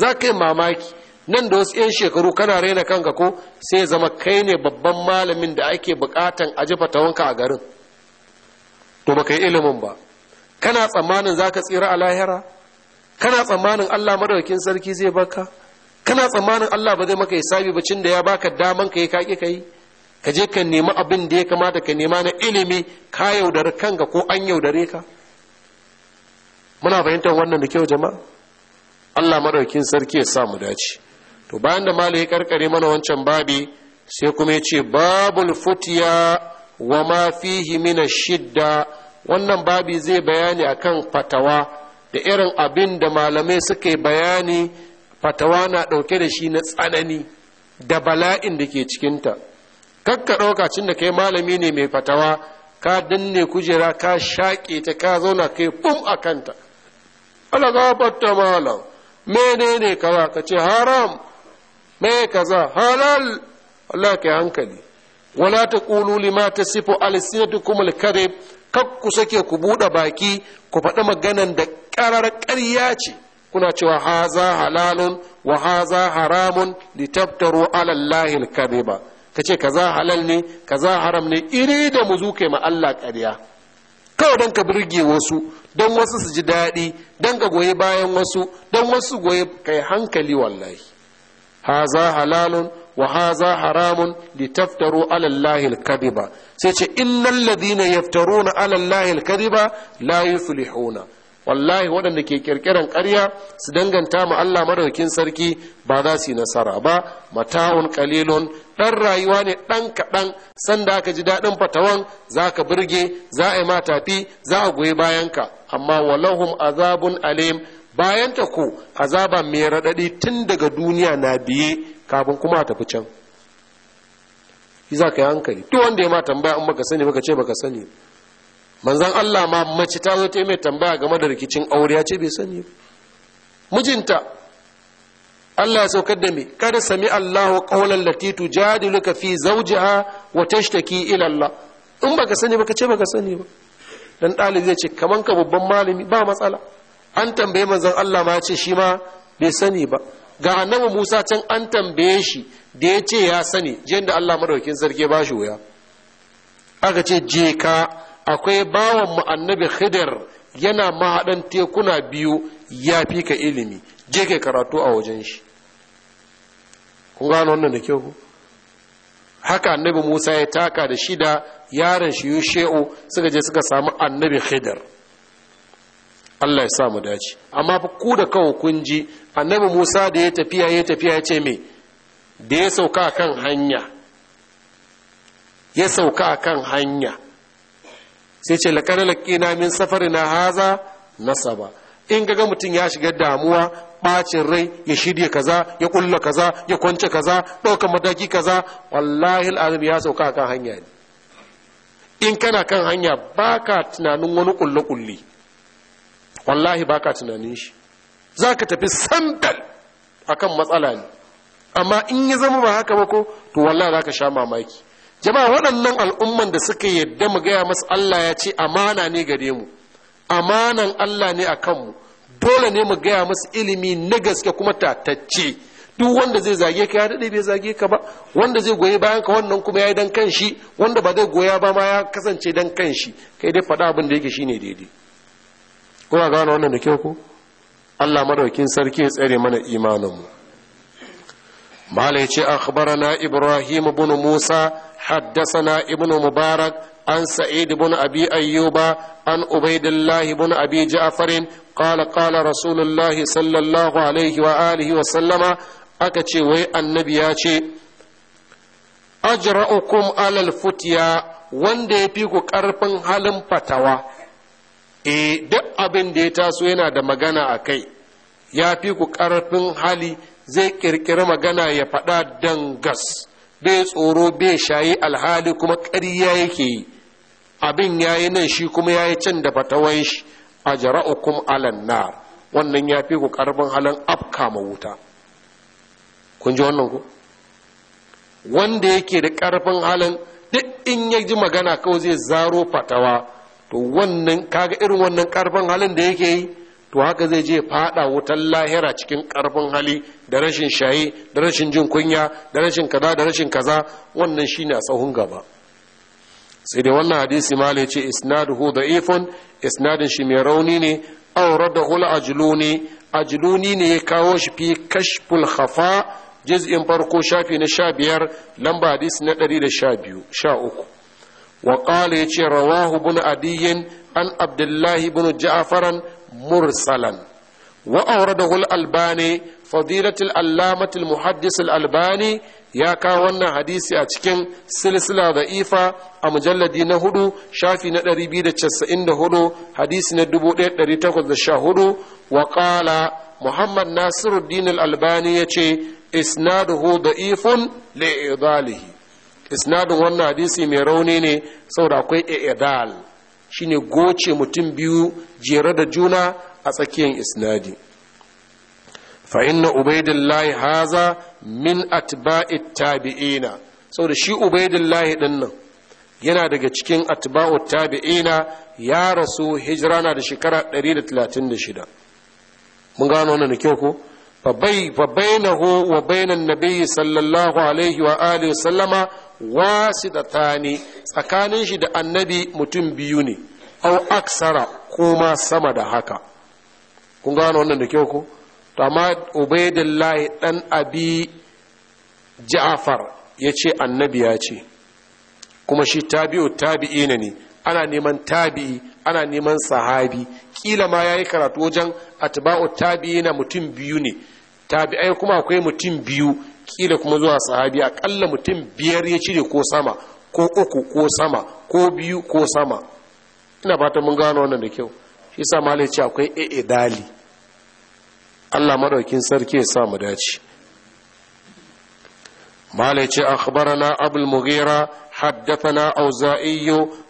za ka yi mamaki nan da wasu 'yan shekaru kana raina kanka ko sai zama kai ne babban malamin da ake bukatan a ji fatawanka a garin to baka yi ilimin ba kana tsammanin za ka tsira a lahira kana tsammanin allah madaukin sarki zai baka kana tsammanin allah ba zai maka hisabi ba cin da ya baka daman ka yi kaƙi ka yi ka je ka nemi abin da ya kamata ka nema na ilimi ka yaudari kanka ko an yaudare ka muna fahimtar wannan da kyau jama'a Allah madaukin sarki ya samu dace to bayan da malam ya karkare mana wancan babi sai kuma ya ce babul futiya wa ma fihi min shidda wannan babi zai bayani akan fatawa da irin abin da malamai suka yi bayani fatawa na ɗauke da shi na tsanani da bala'in da ke cikinta kakka ɗauka cin da kai malami ne mai fatawa ka danne kujera ka shaƙe ta ka zauna kai bum a kanta ala gafarta malam Mene ne kaza ka ce haram me kaza halal Allah kai hankali wala ta ta lima tasifu alsinatukum alkadhib kare, ku sake ku buɗe baki ku faɗi maganan da ƙarar ƙarya ce kuna cewa haza halalun wa haza haramun litaftaru ala allahi ka ce kaza halal ne kaza haram ne iri da mu zuke ma Allah ƙarya kawai don ka birge wasu don wasu su ji daɗi don ka goyi bayan wasu don wasu goyi kai hankali wallahi haza halalun wa haza haramun li taftaru ala Allahi sai ce innal ladina yaftaruna na Allahi al la yuflihuna wallahi waɗanda ke ƙirƙiran ƙarya su danganta ma Allah madaukin sarki ba za su yi nasara ba mata'un kalilun ɗan rayuwa ne ɗan kaɗan sanda aka ji daɗin fatawan za ka burge za a yi matafi, za a goyi bayanka amma walahum azabun alim Bayanta ta ko azaba mai raɗaɗi tun daga duniya na biye kafin kuma a tafi can. za ka yi hankali, duk wanda ya ma tambaya in baka sani baka ce baka sani. manzan Allah ma mace ta zo ta mai tambaya game da rikicin aure ya ce bai sani ba mijinta Allah ya saukar da me kada sami Allah wa qawlan lati tujadiluka fi zawjiha wa tashtaki ila Allah in baka sani ba ka ce baka sani ba dan dalibi zai ce kaman ka babban malami ba matsala an tambaye manzan Allah ma ce shi ma bai sani ba ga annabi Musa can an tambaye shi da ya ce ya sani jiyan da Allah madaukin sarki ba shi wuya aka ce je ka akwai bawan mu annabi khidir yana mahaɗan tekuna biyu ya fi ka ilimi je kai karatu a wajen shi kun gano wannan da kyau haka annabi musa ya taka da shida yaron shi she'u suka je suka samu annabi khidar allah ya sa mu dace amma fa ku da kawo kun ji annabi musa da ya tafiya ya tafiya ya ce me da ya sauka kan hanya ya sauka kan hanya sai ce laƙarar laƙina min safari na haza nasaba in ga mutum ya shiga damuwa ɓacin rai ya shirya kaza ya kulla kaza ya kwance kaza ɗaukar mataki kaza wallahi al'azim ya sauka kan hanya ne in kana kan hanya ba ka tunanin wani kulle kulle wallahi ka tunanin shi za ka tafi sandal a kan matsala ne amma in ya zama ba haka ba ko to wallahi za ka sha mamaki jama'a waɗannan al'umman da suka yadda mu gaya masu Allah ya ce amana ne gare mu amanan Allah ne a kanmu dole ne mu gaya masu ilimi na gaske kuma tatacce duk wanda zai zage ka ya daɗe bai zage ka ba wanda zai goyi bayan ka wannan kuma ya yi dan kan shi wanda ba zai goya ba ma ya kasance dan kan shi kai dai faɗa abin da yake ne daidai kuna gane wannan da kyau ko Allah madaukin sarki ya tsare mana imaninmu mala ya ce akhbarana ibrahim ibn musa na ibn mubarak an sa'id ibn abi ayyuba an ubaidillah ibn abi ja'farin qala rasulullahi sallallahu alaihi wa wa sallama aka ce wai annabi ya ce ajra'ukum alal futiya wanda ya fi ku ƙarfin halin fatawa Eh duk abin da ya taso yana da magana a kai ya fi ku karfin hali zai kirkiri magana ya faɗa gas. bai tsoro bai shayi alhali kuma ƙarya yake yi abin ya yi nan shi kuma ya yi can da fatawan shi a jara'ukum alan wannan ya fi ku ƙarfin halin afka ma wuta kun ji wannan ku wanda yake da ƙarfin halin duk in ya ji magana kawai zai zaro fatawa to wannan kaga irin wannan ƙarfin halin da yake yi to haka zai je fada wutar lahira cikin karfin hali da rashin shayi da rashin jin kunya da rashin kaza da rashin kaza wannan shine a tsohon gaba sai dai wannan hadisi ma ce isnaduhu ifon isnadin shi mai rauni ne a hul A ajiluni ne ya kawo shi fi kashful khafa juz'in farko shafi na sha biyar lamba hadisi na da sha sha biyu uku. wa وقال ya ce rawahu bunu adiyin an abdullahi بن ja'afaran مرسلا وأورده الألباني فضيلة الألامة المحدث الألباني يا كاونا حديثي أتكين سلسلة ضعيفة أمجلد نهدو شافي ندري بيدة تسعين هدو حديث ندبو ندري تاخذ الشهدو وقال محمد ناصر الدين الألباني إسناده ضعيف لإعضاله إسناد وانا حديثي ميروني سورة إعضال shine goce mutum biyu jere da juna a tsakiyar isnadi fainna inna ubaidillahi haza min atba'i tabi'ina saboda shi ubaidillahi din nan yana daga cikin atba'u tabi'ina ya rasu hijira na da shekara 136 mun gano wannan da kyau ko fa ho wa bainan nabi sallallahu alaihi wa alihi sallama da Sani, tsakanin shi da annabi mutum biyu ne au aksara ko ma sama da haka kun gano wannan da kyau ko to amma ubaidillahi dan abi ja'far yace annabi ya ce kuma shi tabi'u tabi'ina ne ana neman tabi'i ana neman sahabi kila ma yayi karatu wajen atba'u na mutum biyu ne tabi'ai kuma akwai mutum biyu kila kuma zuwa sahabi akalla mutum biyar ya cire ko sama ko uku ko sama ko biyu ko sama ina fata mun gano wannan da kyau shi sa malai ce akwai ee dali Allah madaukin sarki ya sa mu dace malai ce akhbarana abul mughira haddathana auza'iy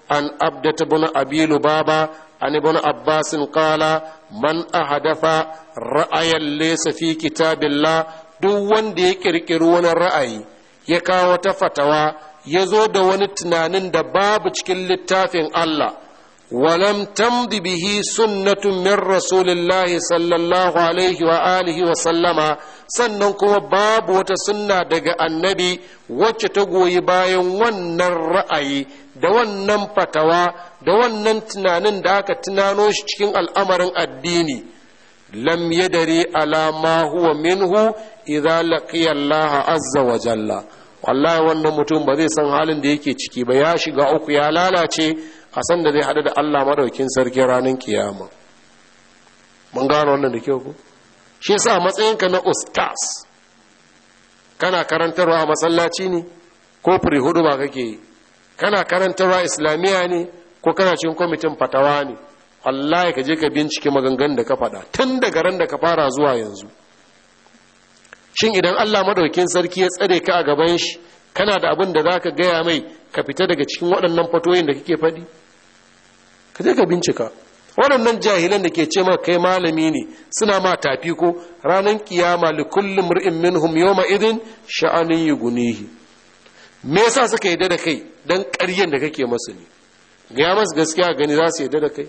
an abdat ibn abi lubaba an ibn abbas qala man ahadafa ra'ayan laysa fi kitabillah duk wanda ya kirkiri wani ra'ayi ya kawo ta fatawa ya zo da wani tunanin da babu cikin littafin Allah walam tamdi bihi sunnatun min rasulillah sallallahu alaihi wa alihi wa sallama sannan kuma babu wata sunna daga annabi wacce ta goyi bayan wannan ra'ayi da wannan fatawa da wannan tunanin da aka tunano shi cikin al'amarin addini lam dare ala huwa minhu idza laqiya Allah azza wa jalla wallahi wannan mutum ba zai san halin da yake ciki ba ya shiga uku ya lalace a san da zai hadu da Allah madaukin sarki ranar kiyama mun gano wannan da kyau ko shi yasa matsayinka na ustaz kana karantarwa a masallaci ne ko firi hudu ba kake yi kana karantarwa islamiyya ne ko kana cikin kwamitin fatawa ne ya ka je ka bincike magangan da ka faɗa tun da garan da ka fara zuwa yanzu shin idan Allah madaukin sarki ya tsare ka a gaban shi kana da abin da za ka gaya mai ka fita daga cikin waɗannan fatoyin da kake faɗi ka je ka bincika waɗannan jahilan da ke ce ma kai malami ne suna ma tafi ko ranar kiyama li kulli mur'in minhum yawma idin sha'anin yugunihi me yasa suka yarda da kai dan ƙaryen da kake masu ne gaya masu gaskiya gani za su yarda da kai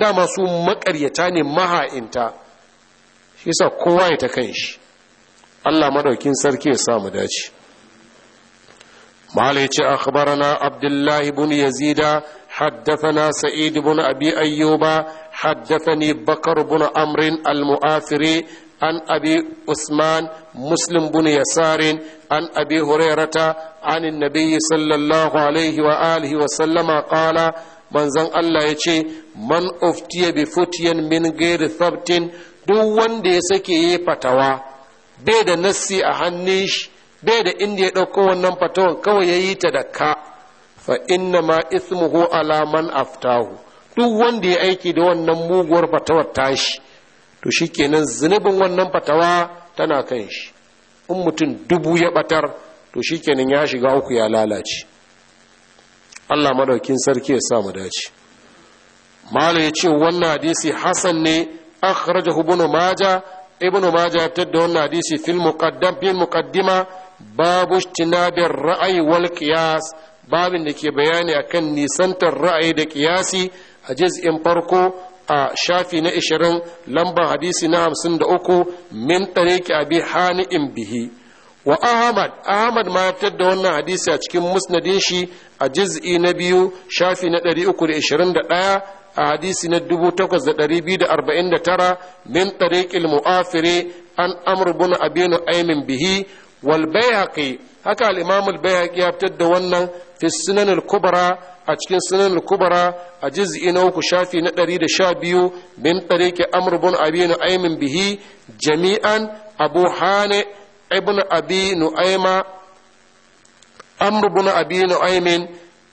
dama su makaryata ne maha'inta shi sa kowa ya ta kan shi allah maɗaukin sarki ya samu dace malaici a khabar na abdullahi bin yazida na sa'id bin abi haddafa ne bakar bin amrin almu'afiri an abi usman muslim bin yasarin an abi hurairata an annabi sallallahu alaihi wa alihi wa sallama qala manzon allah yace man uftiya bi futiyan min gairi sabtin duk wanda ya sake yi fatawa bai da nassi a hannun shi bai da inda ya ɗauko wannan fatawan kawai ya yi ta da ka fa inna ma ismuhu ala man aftahu duk wanda ya aiki da wannan muguwar fatawar tashi to shikenan zunubin wannan fatawa tana kan shi in mutum dubu ya batar to shi shikenan ya shiga uku ya lalace Allah madaukin sarki ya sa mu dace malo ya ce wannan hadisi hasan ne akhrajahu ibn maja ibn maja ya fitar da wannan hadisi fil muqaddam bil muqaddima babu istinabir ra'ayi wal qiyas babin da ke bayani akan nisantar ra'ayi da qiyasi a juz'in farko a shafi na 20 lambar hadisi na 53 min tariqi abi hani'in bihi wa ahmad ahmad ma fitar da wannan hadisi a cikin musnadin shi a juz'i na biyu shafi na 321 a hadisi na 8249 min tariqil mu'afiri an amr bin abi nu'aymin bihi wal bayhaqi haka al-imam al-bayhaqi ya fitar da wannan fi sunan al-kubra a cikin sunan al-kubra a juz'i na uku shafi na 112 min tariqi amr bin abi nu'aymin bihi jami'an abu hane ibn abi nu'ayma amr bin abi nu'aymin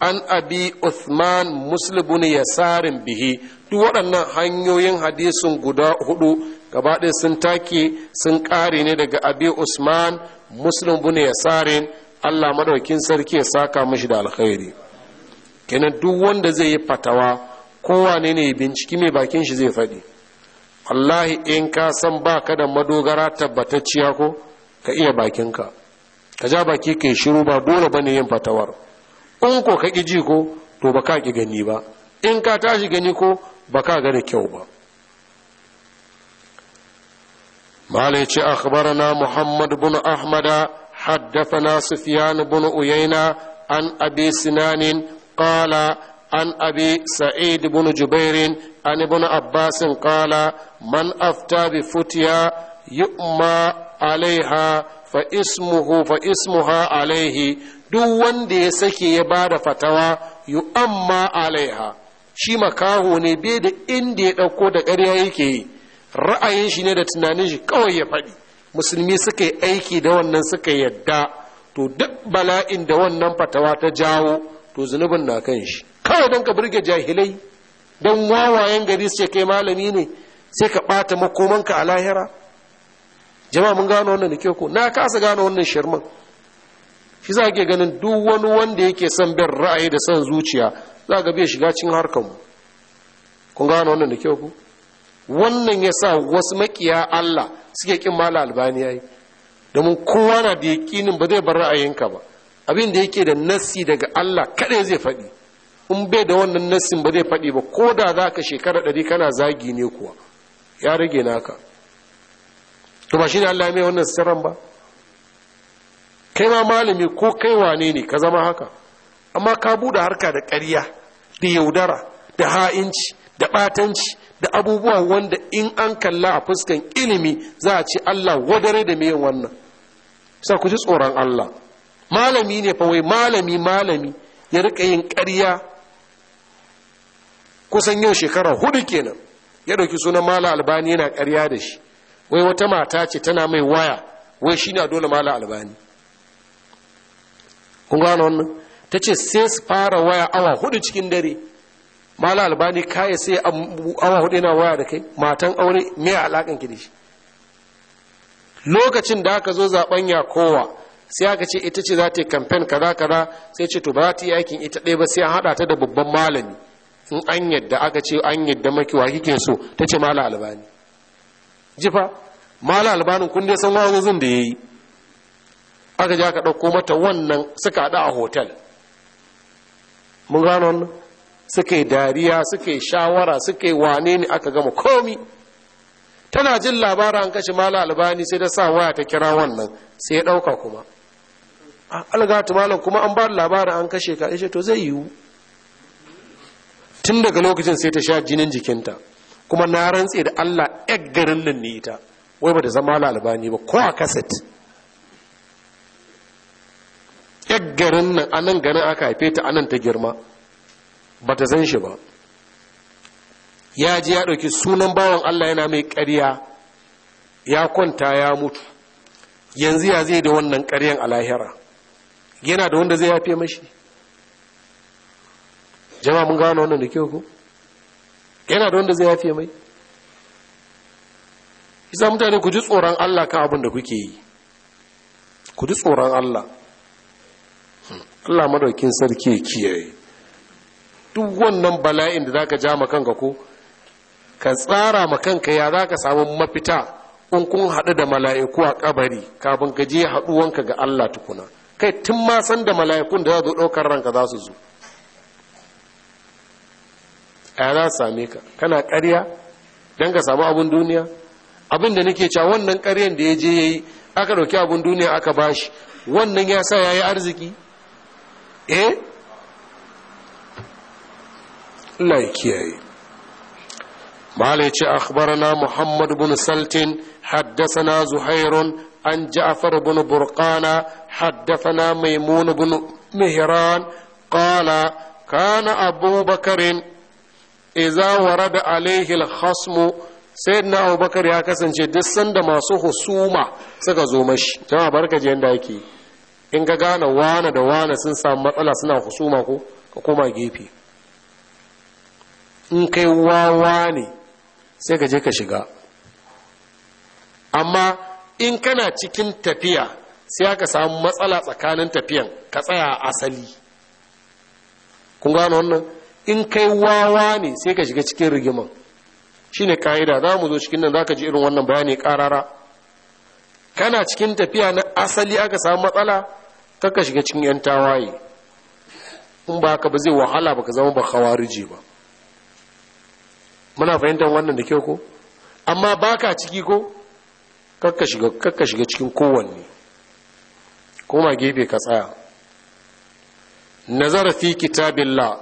an abi Uthman Muslim ya tsarin bihi duk waɗannan hanyoyin hadisin guda hudu gaba sun take sun ƙare ne daga abi Usman Muslim ya tsarin Allah maɗaukin sarki ya saka mashi da alkhairi kenan duk wanda zai yi fatawa kowa ne binciki mai bakin shi zai faɗi wallahi in ka san baka da madogara tabbatacciya ko ka iya bakinka ka ja baki ka yi shiru ba dole ne yin fatawar in ko ka ki ji ko to ba ka ƙi gani ba in ka tashi gani ko ba ka gani kyau ba mala ya ce a na muhammadu bin ahmada haddafa na sufiyan bin Uyaina, An'abi, sinanin kala An'abi, sa'id bin jubairin an ibn abbasin kala man afta bi futiya yi umma alaiha fa ismuhu alaihi duk wanda ya sake ya ba da fatawa yu amma alaiha shi makaho ne bai da inda ya ɗauko da ƙarya yake yi ra'ayin shi ne da tunanin shi kawai ya faɗi musulmi suka yi aiki da wannan suka yadda to duk bala'in da wannan fatawa ta jawo to zunubin na kan shi kawai don ka burge jahilai don wawayen gari su ce kai malami ne sai ka ɓata makomanka a lahira jama'a mun gano wannan da kyau ko na kasa gano wannan shirman shi za ke ganin duk wani wanda yake son bin ra'ayi da son zuciya za ga bai shiga cin harkar mu kun gano wannan da kyau ku wannan ya sa wasu makiya Allah suke kin mala albaniya yi. domin kowa na da yakinin ba zai bar ra'ayinka ba abin da yake da nassi daga Allah kada zai faɗi in bai da wannan nassin ba zai faɗi ba ko da za ka shekara ɗari kana zagi ne kuwa ya rage naka to ba shi ne Allah ya mai wannan sirran ba kai ma malami ko kai wane ne ka zama haka amma ka buɗe harka da ƙarya da yaudara da ha'inci da ɓatanci da abubuwa wanda in an kalla a fuskan ilimi za a ce Allah wadare da meyin wannan sa ku ji tsoron Allah malami ne fa wai malami malami ya rika yin ƙarya kusan yau shekara hudu kenan ya ɗauki sunan mala albani yana ƙarya da shi wai wata mata ce tana mai waya wai shi na dole mala albani kun gano wannan ta ce sai su fara waya awa hudu cikin dare mala albani kaya sai awa hudu yana waya da kai matan aure me alakan ki da shi lokacin da aka zo zaben ya kowa sai aka ce ita ce za ta yi kamfen kaza kaza sai ce to ba za ta yi aikin ita ɗaya ba sai an haɗa ta da babban malami in an yadda aka ce an yadda maki wa kike so ta ce mala albani jifa mala albanin kun dai san wazozin da ya yi aka ji aka ɗauko mata wannan suka haɗu a hotel mun gano wannan suka yi dariya suka yi shawara suka yi wane ne aka gama komi tana jin labarin an kashe mala albani sai da sa waya ta kira wannan sai ya ɗauka kuma algatu malam kuma an ba labarin an kashe ka ishe to zai yiwu tun daga lokacin sai ta sha jinin jikinta kuma na rantse da allah garin nan ita wai ba da zama albani ba ko a kaset 'yar garin nan anan garin aka haife ta anan ta girma ba ta san shi ba ya ji ya ɗauki sunan bawan allah yana mai ƙarya ya kwanta ya mutu yanzu ya zai da wannan ƙaryan a lahira yana da wanda zai yafe mashi jama'a mun gano wannan da kyau ko yana da wanda zai yafe mai isa mutane ku ji tsoron allah kan abin da kuke yi ku ji tsoron allah Allah madaukin sarki ya kiyaye duk wannan bala'in da zaka ja ma kanka ko ka tsara ma kanka ya zaka samu mafita in kun haɗu da mala'iku a kabari kafin ka je haɗuwanka ga Allah tukuna kai tun ma san da mala'ikun da za su ɗaukar ranka za su zo a za su same ka kana ƙarya don ka samu abin duniya abin da nake cewa wannan ƙaryan da ya je ya yi aka ɗauki abin duniya aka bashi wannan ya sa ya yi arziki eh Allah ya kiyaye malai akhbarana muhammad bin saltin haddasana zuhairun an ja'far bin burqana haddasana maimun bin mihran qala kana abubakarin idza warada alaihi al-khasmu sayyidina abubakar ya kasance duk sanda masu husuma suka zo mashi jama'a barka je yanda yake in ga gane wane da wane sun samu matsala suna husuma ko ka koma gefe in kai wawa ne sai ka je ka shiga amma in kana cikin tafiya sai aka samu matsala tsakanin tafiyan ka tsaya a asali kun gano wannan in kai wawa ne sai ka shiga cikin rigiman ne ka'ida za mu zo cikin nan za ka ji irin wannan bayani karara kana cikin tafiya na asali aka samu matsala kaka shiga cikin 'yan tawaye in ba haka ba zai wahala ba ka zama ba khawariji ba muna fahimtar wannan da kyau ko amma ba ka ciki ko kaka shiga cikin kowanne kuma gefe ka tsaya nazara fi kitabillah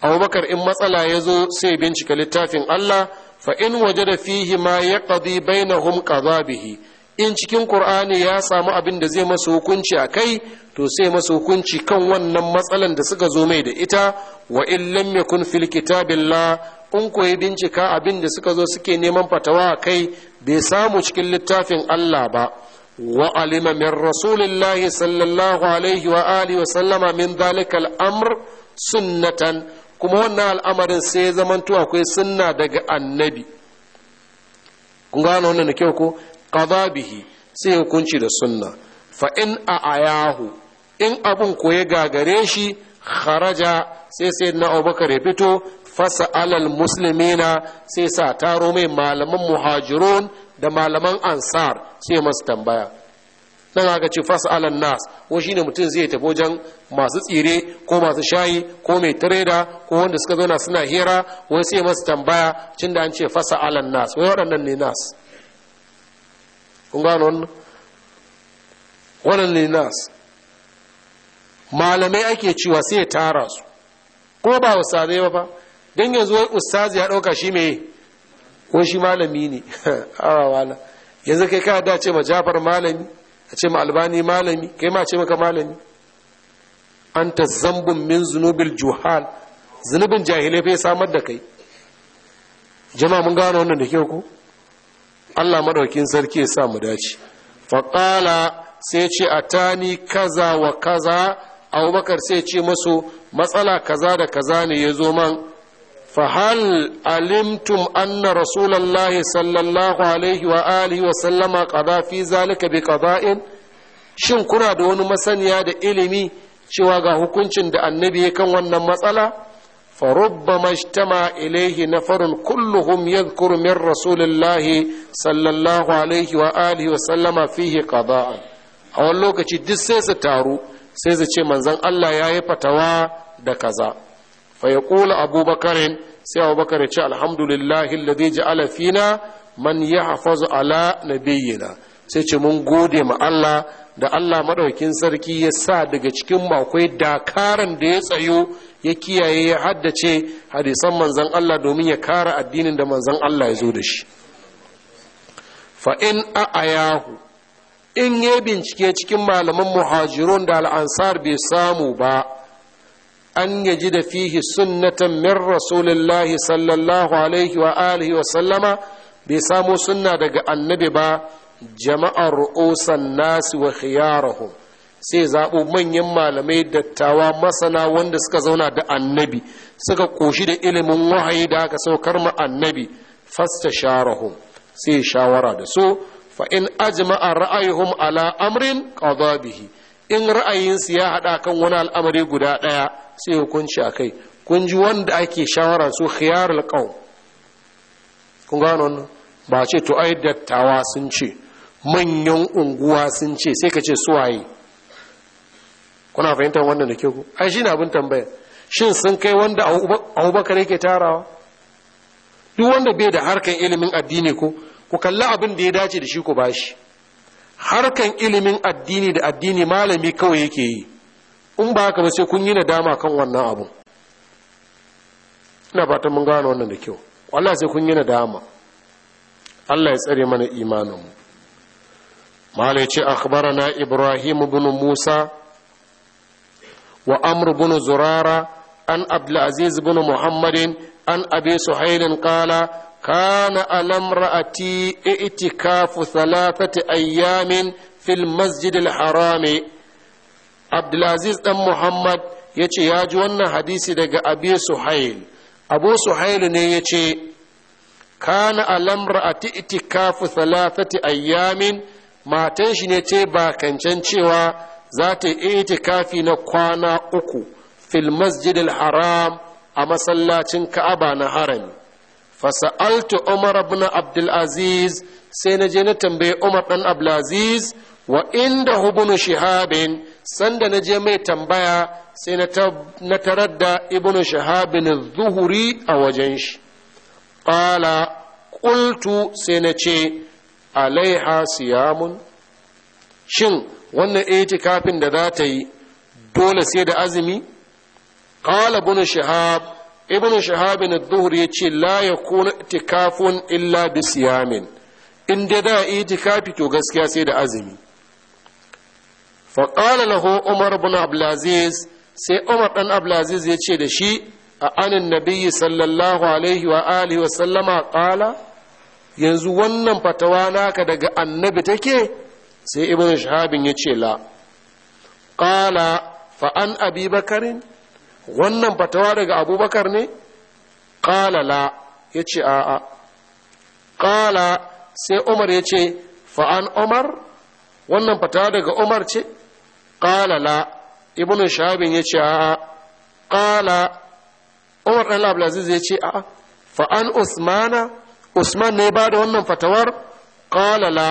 abubakar in matsala ya zo sai bincika littafin allah fa in waje da fihi ma ya ƙadi bainahum ƙaza bihi in cikin qur'ani ya samu abin da zai masa hukunci a kai to sai masa hukunci kan wannan matsalan da suka zo mai da ita wa in lam yakun fil kitabillah in koyi bincika abin da suka zo suke neman fatawa a kai bai samu cikin littafin Allah ba wa alima min rasulillahi sallallahu alaihi wa alihi wa sallama min dhalikal amr sunnatan kuma wannan al'amarin sai ya akwai sunna daga annabi kun gano wannan da kyau ko qada bihi sai hukunci da sunna fa in ayahu in abun ko ya gagare shi kharaja sai sai na abubakar ya fito fasa alal muslimina sai sa taro mai malaman muhajirun da malaman ansar sai masu tambaya nan aka ce fasa alal nas ko shine mutum zai tafi wajen masu tsire ko masu shayi ko mai tireda ko wanda suka zauna suna hira wai sai masu tambaya cin da an ce fasa alal nas wai waɗannan ne nas kun gano wannan ne linas malamai ake cewa sai ya tara su ko ba ustazai ba fa don yanzu wai ustazi ya ɗauka shi mai ko shi malami ne awawala yanzu kai ka da ce ma jafar malami a ce ma albani malami kai ma ce maka malami an ta zambun min zunubil juhal zunubin jahilai fai samar da kai jama'a mun gano wannan da ke ku. Allah madaukin sarki ya sa mu dace faƙala sai ce a tani kaza wa kaza abubakar sai ce masu matsala kaza da kaza ne yazo zo man fahal alimtum anna rasulullahi sallallahu alaihi wa alihi wa sallama qada fi zalika bi qada'in shin kuna da wani masaniya da ilimi cewa ga hukuncin da annabi ya kan wannan matsala فربما اجتمع إليه نفر كلهم يذكر من رسول الله صلى الله عليه وآله وسلم فيه قضاء أو اللوكة دي سيسة تارو سيسة منزان الله يا فتوى دكذا فيقول أبو بكر سي أبو بكر الحمد لله الذي جعل فينا من يحفظ على نبينا sai ce mun gode ma Allah da Allah madaukin sarki ya sa daga cikin makwai dakaran da ya tsayo ya kiyaye ya haddace hadisan manzan Allah domin ya kara addinin da manzan Allah ya zo da shi fa in a'ayahu in ya bincike cikin malaman muhajirun da al'ansar bai samu ba an ya ji da fihi sunnatan min rasulillahi sallallahu alaihi wa alihi wa sallama bai samu sunna daga annabi ba jama'ar ru'usan nasi wa khiyarahum sai zaɓo manyan malamai dattawa masana wanda suka zauna da annabi suka ƙoshi da ilimin wahayi da aka saukar ma annabi fasta sharahum sai shawara da so fa in ajma'a ra'ayuhum ala amrin qada bihi in ra'ayinsu ya haɗa kan wani al'amari guda ɗaya sai hukunci a kai kun ji wanda ake shawara su khiyarul qaum kun gano wannan ba ce to ai dattawa sun ce manyan unguwa sun ce sai ka ce waye. kuna fahimtar wannan da ke ku ai shi abin tambaya shin sun kai wanda abubakar yake tarawa duk wanda bai da harkan ilimin addini ko ku kalli abin da ya dace da shi ku bashi harkan ilimin addini da addini malami kawai yake yi in ba haka ba sai kun yi na dama kan wannan abun ina fatan mun gane wannan da kyau wallahi sai kun yi na dama. Allah ya tsare mana imanin mu malai ce akhbarana ibrahim ibn musa wa amru bin zurara an abdulaziz bin muhammadin an abi suhailin qala كان على امرأتي ائتكاف ثلاثة أيام في المسجد الحرام عبد العزيز دم محمد يتي ياج wannan hadisi daga Abi Suhail Abu Suhail ne yace kana alamra'ati itikafu thalathati ayyamin matan shi ne ce ba kancan cewa za ta yi itikafi na kwana uku fil masjidil haram a masallacin ka'aba na harami fasa'altu umar ibn abdulaziz sai na je na tambaye umar dan abdulaziz wa inda hubunu shihabin sanda na je mai tambaya sai na tarar da ibnu shihabin zuhuri a wajen shi ƙala ƙultu sai na ce alaiha siyamun shin wannan itikafin da za ta yi dole sai da azumi qala ibn shahab ibn shahab bin dhuhr yace la yakunu itikafun illa bi siyamin in da da itikafi to gaskiya sai da azumi fa qala umar ibn abdulaziz sai umar dan abdulaziz yace da shi a anin nabiyyi sallallahu alaihi wa alihi wa sallama qala yanzu wannan fatawa naka daga annabi take sai ibn shahabin ya ce la ƙala fa’an abubakarin wannan fatawa daga abubakar ne ƙala la ya ce a’a ƙala sai umar ya ce fa’an umar wannan fatawa daga umar ce ƙala la ibn shahabin ya ce a’a ƙala umar ɗan labulaziz ya ce a’a fa’an usmana usman ne ba da wannan fatawar ƙala la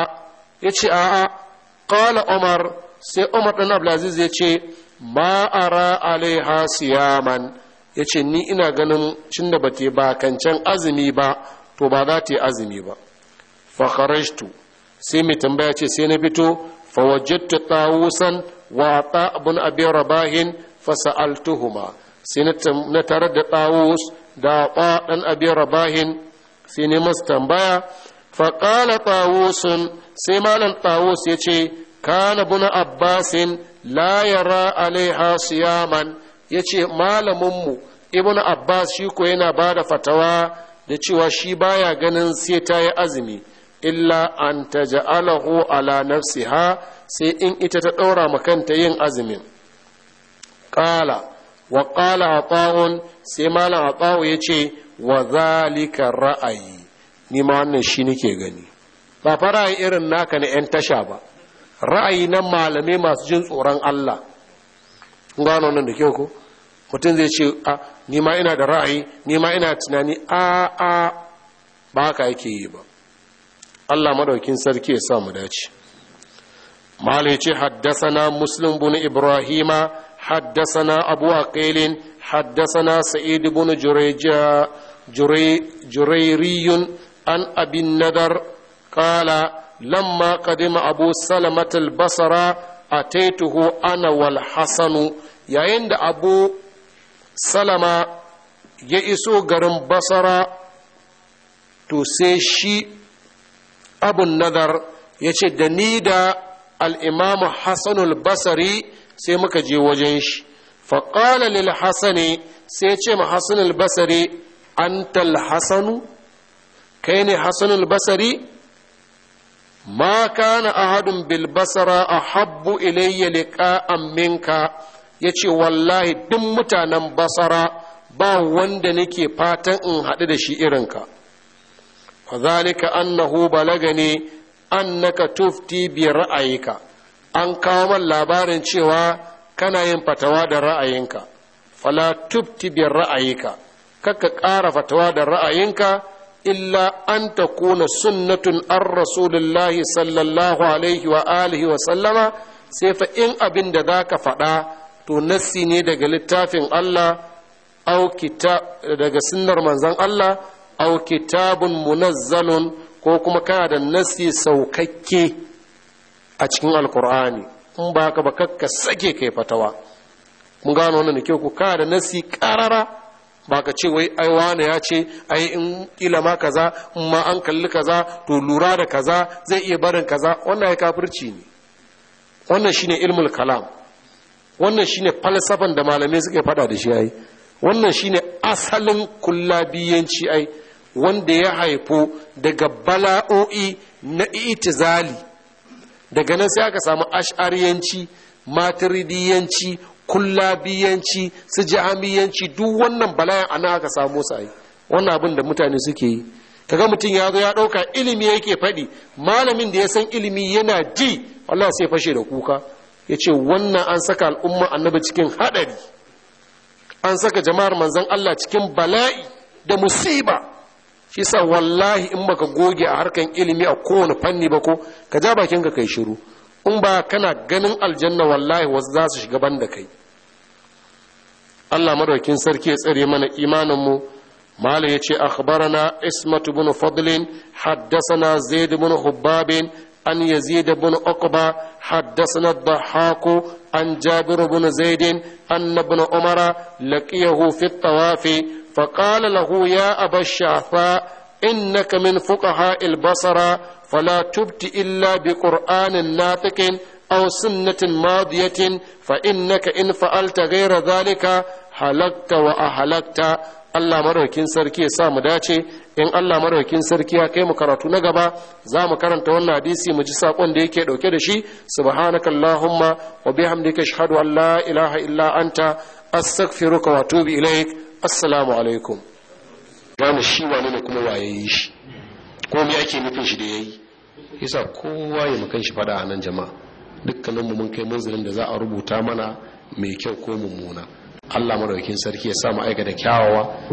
ya ce a’a qala umar sai umar ɗan abdulaziz ya ce ma ara alaiha siyaman ya ce ni ina ganin cin da bata ba kancan azumi ba to ba za ta yi azumi ba fakharajtu sai mai tambaya ce sai na fito fawajjattu tawusan wa ta abun abi rabahin fasa'altuhuma sai na tarar da tawus da ɗan abi rabahin sai ne masu tambaya faƙala tawusun sai malam tawus ya ce kana buna abbasin la yara alaiha siyaman ya ce malaminmu ibn abbas shi ko yana ba da fatawa da cewa shi baya ganin sai ta yi azumi illa an ta ja'alahu ala nafsiha sai in ita ta ɗaura makanta yin azumin ƙala wa ƙala haɓawun sai malam haɓawu ya ce wa zalika ra'ayi ni ma wannan shi nake gani ba fa ra'ayi irin naka na 'yan tasha ba ra'ayi na malamai masu jin tsoron Allah gano nan da kyau ko mutum zai ce a ni ma ina da ra'ayi ni ma ina tunani a a ba haka yake yi ba Allah madaukin sarki ya sa mu dace malai ce na muslim bin ibrahima haddasana abu aqilin haddasana sa'id bin jurayja jurayriyun an abin nadar قال لما قدم أبو سلمة البصرة أتيته أنا والحسن يعند أبو سلمة يئسو غرم بصرة تسيشي أبو النذر يشي دنيدا الإمام حسن البصري سيمك جي وجنش فقال للحسن سيشي حسن البصري أنت الحسن كيني حسن البصري ma a hadin bilbasara a habbu ilayya liqa'an minka yace wallahi duk mutanen basara ba wanda nake fatan in haɗu da shi irinka wa zalika annahu balaga balagani annaka tufti bi ra'ayika an kawo man labarin cewa kana yin fatawa da ra'ayinka fala tufti bi ra'ayika kakka ƙara fatawa da ra'ayinka illa an ta kona sunnatun an rasulullahi sallallahu alaihi wa alihi wa sallama sai fa in abin da zaka faɗa to nassi ne daga littafin Allah au daga sunnar manzon Allah au kitabun munazzalun ko kuma kana da nassi saukakke a cikin alkur'ani in ba ka ba kakka sake kai fatawa mun gano wannan da kyau ku kana da nassi karara ba ka ce wai aiwa ya ce ai in kila ma kaza in ma an kalli kaza to lura da kaza zai iya barin kaza wannan ya kafirci ne wannan shine ilmul kalam wannan shine falsafan da malamai suke fada da shi ai wannan shine asalin kullabiyanci ai wanda ya haifo daga bala'o'i na itizali daga nan sai aka samu ash'ariyanci maturidiyanci kullabiyanci su jamiyanci duk wannan bala'in ana aka samo su ai wannan abin da mutane suke yi kaga mutum ya zo ya ɗauka ilimi yake faɗi malamin da ya san ilimi yana ji Allah sai fashe da kuka ya ce wannan an saka al'umma annabi cikin haɗari an saka jama'ar manzan Allah cikin bala'i da musiba shi sa wallahi in baka goge a harkan ilimi a kowane fanni ba ko ka ja bakin ka kai shiru in ba kana ganin aljanna wallahi wasu za su shiga banda kai Allah madaukin sarki ya tsare mana imaninmu Malam ya ce akhbarana Ismat bin Fadlin haddasana Zaid ibn Hubbab an Yazid bin Uqba haddasana Dhahhak an Jabir bin Zaid an ibn Umar laqiyahu fi at-tawaf ya Aba Shafa innaka min fuqaha فلا تبت إلا بقرآن ناطق أو سنة ماضية فإنك إن فعلت غير ذلك حلقت وأهلكت Allah maraukin sarki ya sa mu dace in Allah maraukin sarki ya kai mu karatu na gaba za mu karanta wannan hadisi mu ji sakon da yake dauke da shi subhanakallahumma wa bihamdika ashhadu an la ilaha illa anta astaghfiruka wa atubu ilaik assalamu alaikum shi ne kuma waye shi komi ake nufin shi da yayi yasa kowa ya makan shi fada a nan jama'a mu mun kai munzilin da za a rubuta mana mai kyau ko mummuna Allah madaukakin sarki ya sa mu da kyawawa